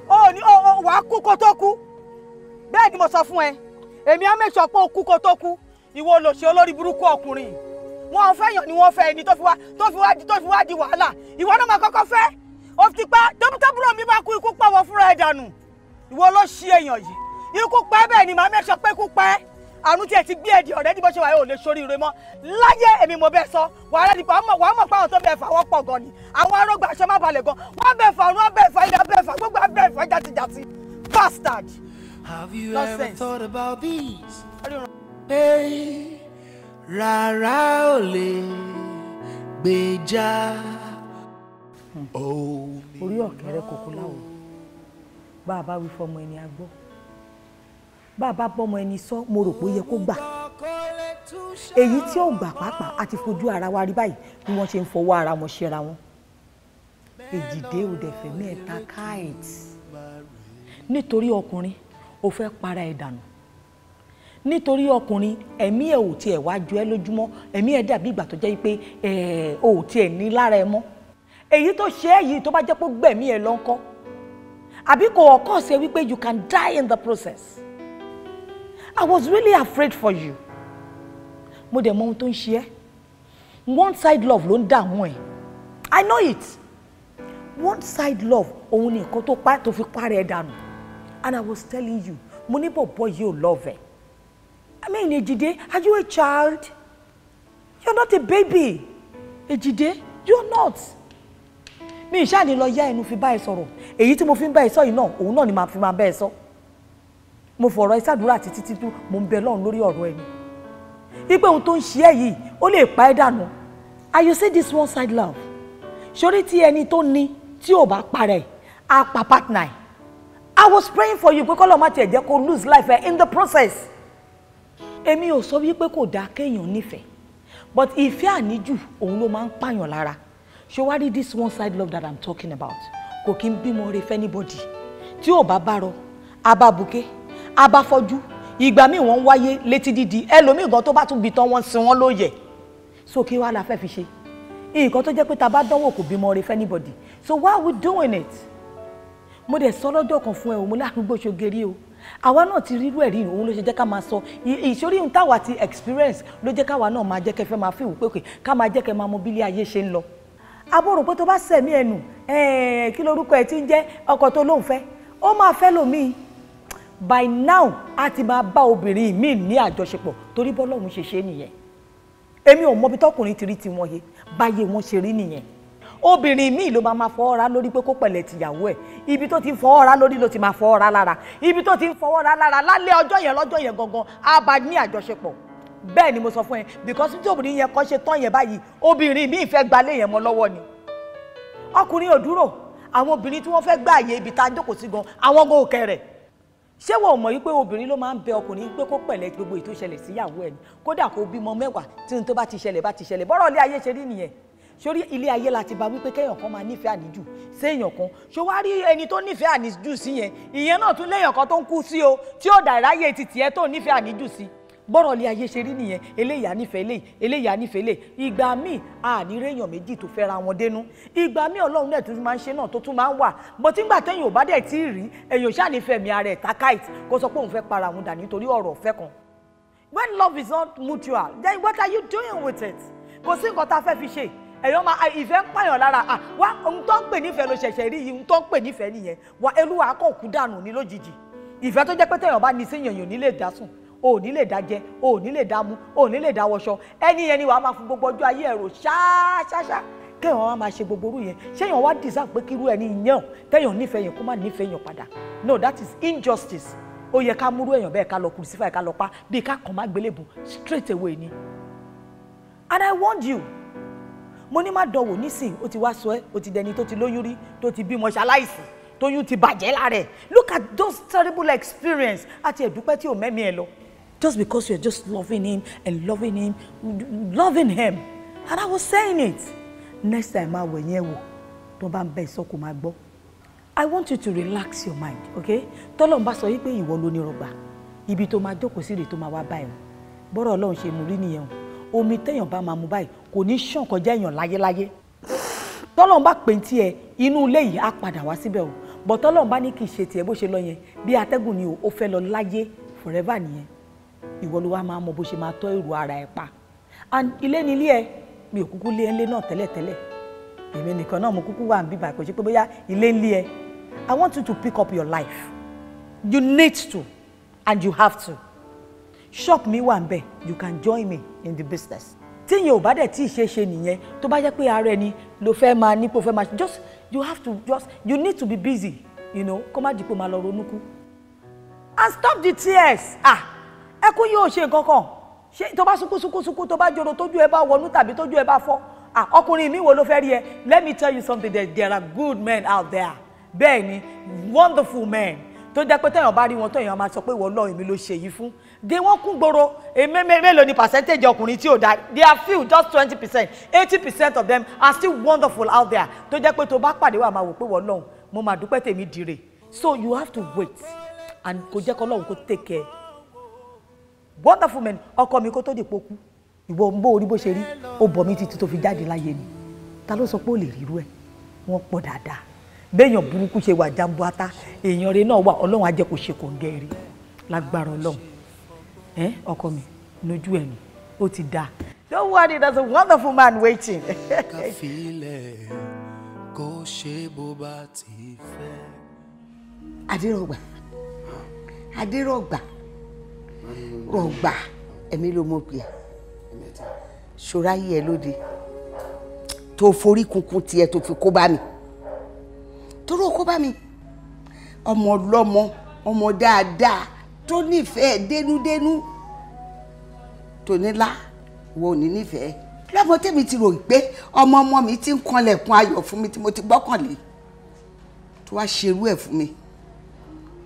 o ní o wà á kú kó tó kú ni mo sọ fún ẹ èmi á make sure pé o kú kó tó kú ìwọ lò ṣe olórí burúkú ọkùnrin wọn ò fẹ́yàn ni wọ́n fẹ́ ni tó fi wá tó fi wá di tó fi wá di wàhálà ìwọ náà máa kọ́kọ́ fẹ́ o ti pa tọ́bútọ́búrò mi máa kú pa pàwọ̀ fúnra ẹ̀ dànù ìwọ ló ṣí èèyàn yìí ikú pẹ́ bẹ́ẹ̀ ni ma make sure pé pa. pẹ́ àrùn tí ẹ ti gbé ẹdì ọ̀rẹ́ ní ṣe wà yóò lè sórí ire mọ́ láyé èmi mo bẹ́ẹ̀ sọ wàá rẹ́ nípa wàá mọ̀ pé àwọn tó bẹ̀ fà wọ́n pọ̀ gan ni àwọn arógbà aṣọ má balẹ̀ gan wọ́n bẹ̀ fà wọ́n bẹ̀ fà ilẹ̀ bẹ̀ fà gbogbo abẹ́ fà jàtijàti bastard. Have you Nonsense. ever thought about these? pé rárá ò lè gbèjà hmm. omi. orí ọ̀kẹ́rẹ́ kòkó láwọ̀ bá a bá wí fọmọ ẹni a bàbá bọ́mọ ẹni sọ mo rò pé ó yẹ kó gbà èyí tí ó gbà pàápàá àti fojú ara wa rí báyìí bí wọ́n ṣe ń fọwọ́ ara wọn ṣera wọn èjìdé òdẹ̀fẹ̀ mẹ́ta káìtì nítorí ọkùnrin ò fẹ́ para ẹ̀ dànù nítorí ọkùnrin ẹ̀mí ẹ̀ ò tiẹ̀ wá ju ẹ́ lójúmọ́ ẹ̀mí ẹ̀ dàbí ìgbà tó jẹ́ pé ẹ̀ ò tiẹ̀ ní lára ẹ mọ́ èyí tó ṣe é yìí tó bá jẹ́ pé gbẹ̀mí ẹ̀ lọ́ńkọ́ àbí kò ọ̀kọ́ ṣe wípé you can die in the process. I was really afraid for you. Mo dẹ̀ mọ ohun tó ń ṣe ẹ́. One side love ló ń dààmú ẹ̀. I know it. One side love òun ni nǹkan tó pa tó fi parẹ́ ẹ̀ dànù. And I was telling you, mo ní bọ̀bọ̀ yìí ò love ẹ̀. I mean, Ejide, are you a child? You're not a baby. Ejide, you're not. Mi ìṣáà ni lọ yá ẹnu fi bá ẹ sọ̀rọ̀. Èyí tí mo fi ń bá ẹ sọ yìí náà, òun náà ni màá fi máa bá ẹ sọ. So mo fọ̀rọ̀ ìsàdúrà àti títí tú mo ń bẹ lọ́run lórí ọ̀rọ̀ ẹni wípé ohun tó ń ṣe ẹ́ yìí ó lè pa ẹ́ dànù and you say this one side love sórí tí ẹni tó ní tí ò bá parẹ́ á pa partner I was praying for you pé kọ́lọ́ má tiẹ̀ jẹ́ kó lose life in the process èmi ò sọ wípé kò dáa kéèyàn nífẹ̀ẹ́ but ìfẹ́ àníjù òun ló máa ń pààyàn lára ṣé wá rí this one side love that I'm talking about kò kí n bímọ rẹ fẹ́ anybody tí ò bá bá rọ abá buké abáfọ́jú ìgbà míì wọ́n ń wáyé létí dídi ẹlòmíì gan tó bá tún bí tán wọ́n sin wọ́n lóye so kí wàá la fẹ́ fi ṣe nǹkan tó jẹ́ pé ta bá dánwò kò bímọ rẹ fẹ́nibọ̀dì so why are we doing it mo dẹ̀ sọ lọ́jọ́ kan fún ẹ o mo láàrúgbó ṣogeri o àwa náà ti rírú ẹ̀rí òun ló ṣe jẹ́ ká máa sọ ìṣòrí ohun táwa ti experience ló jẹ́ káwa náà máa jẹ́ kẹ́ fẹ́ máa fi ìwúpé pé ká máa jẹ́ kẹ́ máa mọ bílé ayé ṣe ń lọ abọ́rò pé tó bá sẹ̀mí ẹnu kí lorúkọ ẹ ti ń jẹ́ ọkọ tó lóun fẹ́ ó máa fẹ́ lòmíì by now a ti máa bá obìnrin míì ní àjọṣepọ̀ torí bọ́lọ́run ṣe ṣe nìyẹn èmi ò mọbi tọkùnrin ti rí tiwọn yé báyé wọn ṣe rí nìyẹn obìnrin míì ló máa ma fọwọ́ ra lórí pé kó pẹ̀lẹ́ tìyàwó ẹ̀ ibi tó ti ń fọwọ́ ra lórí ló ti máa fọwọ́ ra lára ibi tó ti ń fọwọ́ ra lára lálẹ́ ọjọ́ yẹn lọ́jọ́ yẹn gangan á bá ní àjọṣepọ̀ bẹ́ẹ̀ ni mo sọ fún ẹ because tí obìnrin yẹn kọ́ ṣe tán yẹn báyìí obìnrin míì fẹ́ gbalé yẹn mọ́ lọ́wọ́ ni ọkùnrin ò dúró àwọn obìnrin tí wọ́n fẹ́ gbà ibi tá a jókòó sí gan àwọn gan òkè rẹ̀ ṣé wọn ò mọ̀ wípé obìnrin ló máa ń bẹ ọkùnrin pé kó pẹ̀lẹ́ gbogbo ètò ìṣẹ̀lẹ̀ síyàwó ẹ̀ ni kódà kó bímọ mẹ́wàá tí n tó bá ti ṣẹlẹ̀ bá ti ṣẹlẹ̀ bọ́rọ̀ ilé ayé ṣe rí nìyẹn sórí ilé ayé la ti ba wípé kéèyàn kan máa nífẹ̀ẹ́ àníjù séèyàn kan ṣó wá rí ẹni tó nífẹ̀ẹ́ àníjù sí yẹn ìyẹn náà tún léèyàn kan tó ń kú sí o tí ó dà ráyè ti tiẹ̀ tó nífẹ̀ẹ́ àníjù sí i bọ́rọ̀ lé ayé ṣe rí nìyẹn eléyà nífẹ̀ẹ́ lè eléyà nífẹ̀ẹ́ lè ìgbà míì àní réèyàn méjì tó fẹ́ra wọn dénú ìgbà míì ọlọ́run náà tún máa ń ṣe náà tó tún máa ń wà bọ́ tí ngbà tẹ́yìn ò bá dẹ̀ tí ì rí èèyàn ṣáà ní fẹ̀mí ara ẹ̀ takait kó sọ pé òun fẹ́ para òun dà nítorí ọ̀rọ̀ ọ̀fẹ́ kan when love is not mutual then what are you doing with it kò sí nǹkan tá a fẹ́ fi ṣe èèyàn máa ìfẹ́ ń pààyàn lára à wá ohun tó ń pè nífẹ̀ẹ́ ló ṣẹ̀ṣẹ̀ rí yìí ohun tó ń pè nífẹ̀ẹ́ nìyẹn wà elúwa kò kú dànù ní lójijì ìfẹ́ tó jẹ́ pé téèyàn bá ní sí èèyàn nílé ìdásùn o lè dá jẹ o lè dá mu o lè dá wọṣọ ẹni yẹn ni wàá máa fún gbogbo ọjọ́ ayé ẹ̀rọ ṣáṣáṣá kéèyàn wá máa ṣe gbogbo orú yẹn ṣéèyàn wá dìsá pé kírú ẹni yàn téèyàn nífẹ̀ẹ́ yẹn kó má nífẹ̀ẹ́ yẹn padà no that is injustice ó yẹ ká múrú èèyàn bẹ́ẹ̀ ká lọ crucify ká lọ pa bíi ká kàn má gbélébùn straight away ni and I warned you mo ní má dánwò nísìn ó ti wá sọ ẹ́ ó ti dẹni tó ti lóyún rí tó ti bímọ ṣaláìsì tóyún ti bàjẹ́ lára ẹ̀ look at those terrible experience àti ẹ̀dúpẹ́ tí ò mẹ́mí ẹ lọ just because you're just loving him and loving him loving him and I was saying it next time máa wẹ̀ yẹn wò tó bá ń bẹ ìsọkò máa gbọ́ I want you to relax your mind okay tọ́lọ́n bá sọ yí pé ìwọ ló ní rọgbà ibi tó máa jókòó sí rèé tó máa wá báyìí bọ́rọ̀ ọlọ́run ṣe mú rí nìyẹn o omi téèyàn bá máa mu báyìí kò ní ṣàn kọjá èèyàn láyéláyé tọ́lọ́n bá pè tiẹ̀ inú ilé yìí á padà wá síbẹ̀ o bọ̀ tọ́lọ́n bá ní kì í ṣe tiẹ̀ bó ṣe lọ yẹn bí atẹ́gùn ni o ó fẹ́ lọ láyé forever nìyẹn ìwọ ló wá máa mọ bó ṣe máa tọ́ èrò ara ẹ pa ilé nílé ẹ mi ò kúkú lé ilé náà tẹ́lẹ̀tẹ́lẹ̀ èmi nìkan náà mo kúkú wà níbí báyìí ṣe pé bóyá ilé nílé ẹ I want you to pick up your life you need to and you have to shop mi wà nbẹ you can join me in the business tíyẹn ò bá dẹ̀ tí ì ṣe é ṣe nìyẹn tó bá jẹ́ pé ara ẹni ló fẹ́ máa nípò fẹ́ máa just you have to just you need to be busy you know kó má dìpọ̀ máa lọ ronú kú and stop the tears ah ẹkún yóò ṣe nǹkan kan ṣé tó bá sunkún sunkún sunkún tó bá joro tójú ẹ bá wọnú tàbí tójú ẹ bá fọ́ ah ọkùnrin mi wo ló fẹ́ rí ẹ let me tell you something there, there are good men out there bẹ́ẹ̀ ni wonderful men tó jẹ́ pé téèyàn bá rí wọn téèyàn máa sọ pé ìwọ Ọlọ́run mi ló ṣe yìí fún dé wọ́n kún gbòòrò mélòó ni percentage ọkùnrin tí ò dá they are few just twenty percent eighty percent of them are still wonderful out there tó jẹ́ pé tó bá pàdé wà máa wò pé ìwọ Ọlọ́run mo máa dúpẹ́ tèmi dire so you have to wait and kò jẹ́ kọ́ Ọlọ́run kó take care wonderful men ọkọ mi kó tó di pokú ìwọ ń bó orí bó ṣe rí ó bọ̀ mí títí tó fi jáde láyé ni ta ló sọ pé ó lè rí irú ẹ̀ wọ́n pọ̀ dáadáa béèyàn burúkú ṣe wà jambuata èèyàn rẹ náà wà ọlọ́run á jẹ́ kó ṣe kò ń gẹ́ rí lágbára ọlọ́run ẹ ọkọ mi lójú ẹ̀ ni ó ti da don't worry there's a wonderful man waiting. káfílẹ̀ kó ṣe bó bá ti fẹ́. adérọ̀gbà adérọ̀gbà rọgbà ẹ̀mí ló mọ̀ pé ṣọ́ra yìí ẹ lóde tó forí kunkun tiẹ̀ tó fi kó bá mi tóró kó bá mi ọmọ ọlọ́mọ ọmọ dáadáa tó nífẹ̀ẹ́ dénúdénú tònílá wo ni nífẹ̀ẹ́ lọ́mọ tèmi ti rò pé ọmọ ọmọ mi ti ń kanlẹ̀kùn ayọ̀ fún mi tí mo ti gbọ́kànlé tó wá ṣerú ẹ̀ fún mi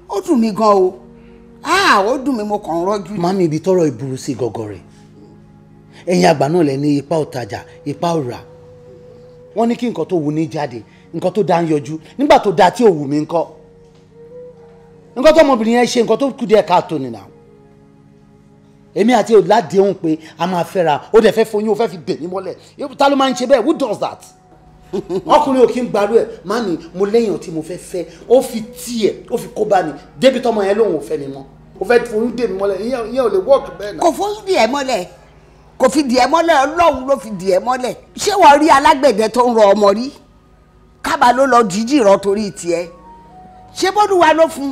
ó dùn mí gan o Ah, ó dùn mí mo kàn rọ́jú. mami ibi tọrọ ìburú sí gọgọ rẹ ẹ̀yin àgbà náà lẹ ní ipa òtajà ipa òrà wọ́n ní kí nǹkan tó wù ní jáde nǹkan tó dá ń yọjú nígbà tó dá tí ò wù mí ńkọ́ nǹkan tó ọmọbìnrin yẹn ṣe nǹkan tó kù díẹ̀ káàtó nìyà èmi àti olùládéhùn pé a máa fẹ́ra ó dẹ̀ fẹ́ fún yín ó fẹ́ fi bè mí mọ́lẹ̀ ta ló máa ń ṣe bẹ́ẹ̀ who does that ọkùnrin ò kí ń gbarú ẹ má ní mo lẹ́yìn ọtí mo fẹ́ fẹ́ ó fi tiẹ̀ ó fi kó bá mi débi tọmọ yẹn lòun ò fẹ́ mi mọ́ ó fẹ́ foyún dè mí mọ́lẹ̀ ìyẹn ò lè work bẹ́ẹ̀ náà. kò foyún dì ẹ mọ́lẹ̀ kò fi dì ẹ mọ́lẹ̀ ọlọ́run ló fi dì ẹ mọ́lẹ̀ ṣé wọ́n rí alágbẹ̀dẹ tó ń rọ ọmọ rí kábà ló lọ jíjì rọ torí tiẹ̀ ṣé bọ́dù wa ló fún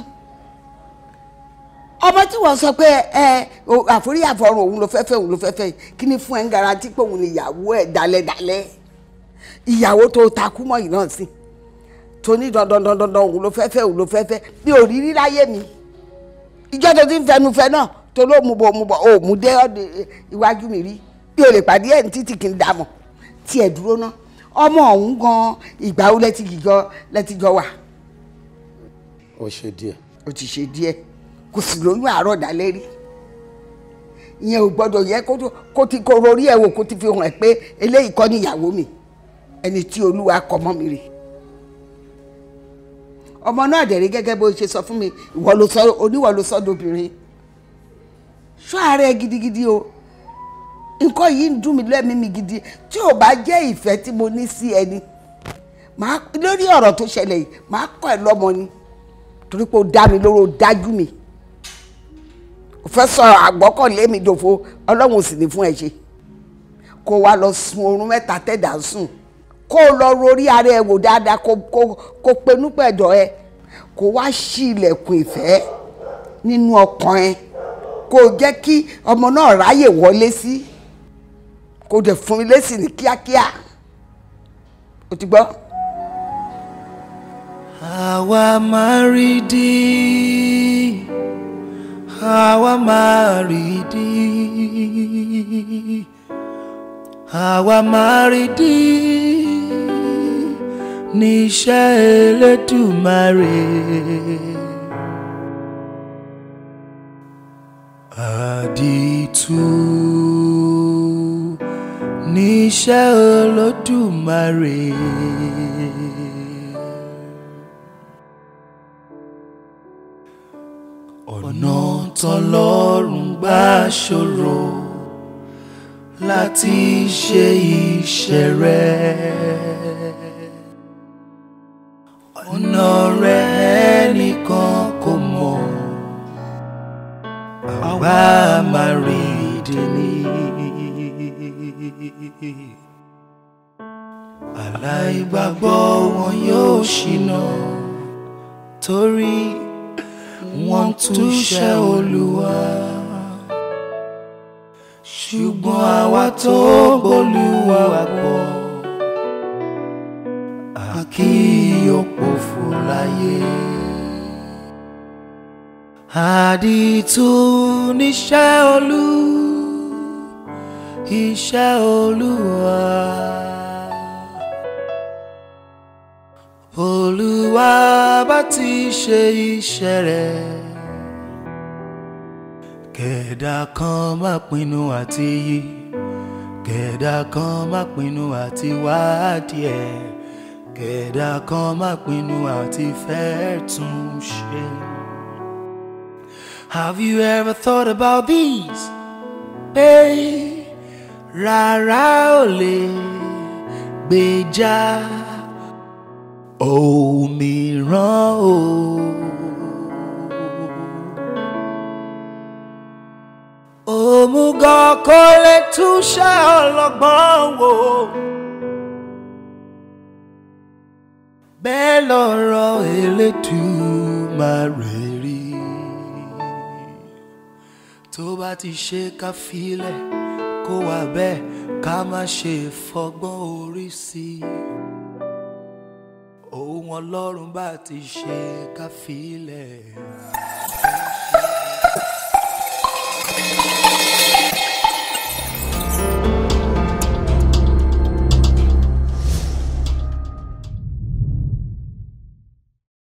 ọmọ tí wọ́n sọ pé ẹ àforí àfọrùn òun ló fẹ́fẹ́ òun ló fẹ́fẹ́ kí ni fún ẹ ń garanti pé òun ni ìyàwó ẹ̀ dalẹ́dalẹ́ ìyàwó tó takú mọ́ yìí náà sí tó ní dandan dandan òun ló fẹ́fẹ́ òun ló fẹ́fẹ́ bí òrírí láyé mi ìjọ tó ti ń fẹnu fẹ náà tó ló mú bọ mú bọ ò mú dé iwájú mi rí bí o lè pàdé ẹ̀ ní títì kì í dààmú tiẹ̀ dúró ná ọmọ ọ̀hún gan ìgbà wo lẹ́tì jọ lẹ́tì jọ wà. o ṣe díẹ̀. ó ti ṣe díẹ̀ kò sì lóyún àárọ̀ dalẹ́ rí ìyẹn ò gbọ́dọ̀ yẹ kó ti kó rorí ẹ̀ wò kó ti fi hàn ẹ́ pé eléyìí kọ́ ni ìyàwó mi ẹni tí olúwa kọ mọ́ mi rè ọmọ náà dẹ̀ rí gẹ́gẹ́ bó ṣe sọ fún mi ìwọ sọ oníwọ gidigidi o nǹkan yìí ń dùn mí lẹ́mìí mi gidi tí ò bá jẹ́ ìfẹ́ tí mo ní sí ẹni lórí ọ̀rọ̀ tó ṣẹlẹ̀ yìí màá kọ́ ẹ lọ́mọ ni torí pé ó dá mi lóró dájú mi ò fẹ́ sọ àgbọ́kànlé mi dòfo ọlọ́run sì ní fún ẹ ṣe kó wa lọ sun oorun mẹ́ta tẹ̀dá sùn kó o lọ rorí ara ẹ wò dáadáa kó kó penúpẹ̀dọ̀ ẹ kó wá ṣí ilẹ̀kùn ìfẹ́ nínú ọkàn ẹ kó jẹ́ kí ọmọ náà ráyè wọlé sí kó dẹ̀ fún mi lésì ní kíákíá o ti gbọ́. àwa máa rí dí àwa máa rí dí àwa máa rí dí ní iṣẹ́ Elédùmarè. Àdìtú ní iṣẹ́ Olódùmarè. Ọ̀nà tọlọ́run gbà ṣòro láti ṣe iṣẹ́ rẹ̀ ọ̀nà rẹ̀ ẹnìkan kò mọ̀ àwa máa rí ìdíní. aláìgbàgbọ́ wọn yóò ṣìnà torí wọ́n túṣẹ́ olúwa ṣùgbọ́n àwa tó bọ́lúwa pọ̀ kí ó pòfo láyé. àdìtú níṣẹ́ olú iṣẹ́ olúwa. olúwa bá ti ṣe iṣẹ́ rẹ̀ kẹ̀dá kan má pinnu àti yí kẹ̀dá kan má pinnu àti wádìí ẹ̀. kẹ̀dá kan má pinnu àti fẹ́ tún ṣe. Have you ever thought about these? Pé rárá ò lè gbèjà òmíràn le kò lè túṣẹ́ ọlọ́gbọ́n wò. bẹ́ẹ̀ lọ́rọ̀ Elédùmarè rí tó bá ti ṣe ká filẹ̀ kó wà bẹ́ẹ̀ ká má ṣe fọgbọ́n orí sí i ohun Ọlọ́run bá ti ṣe ká filẹ̀.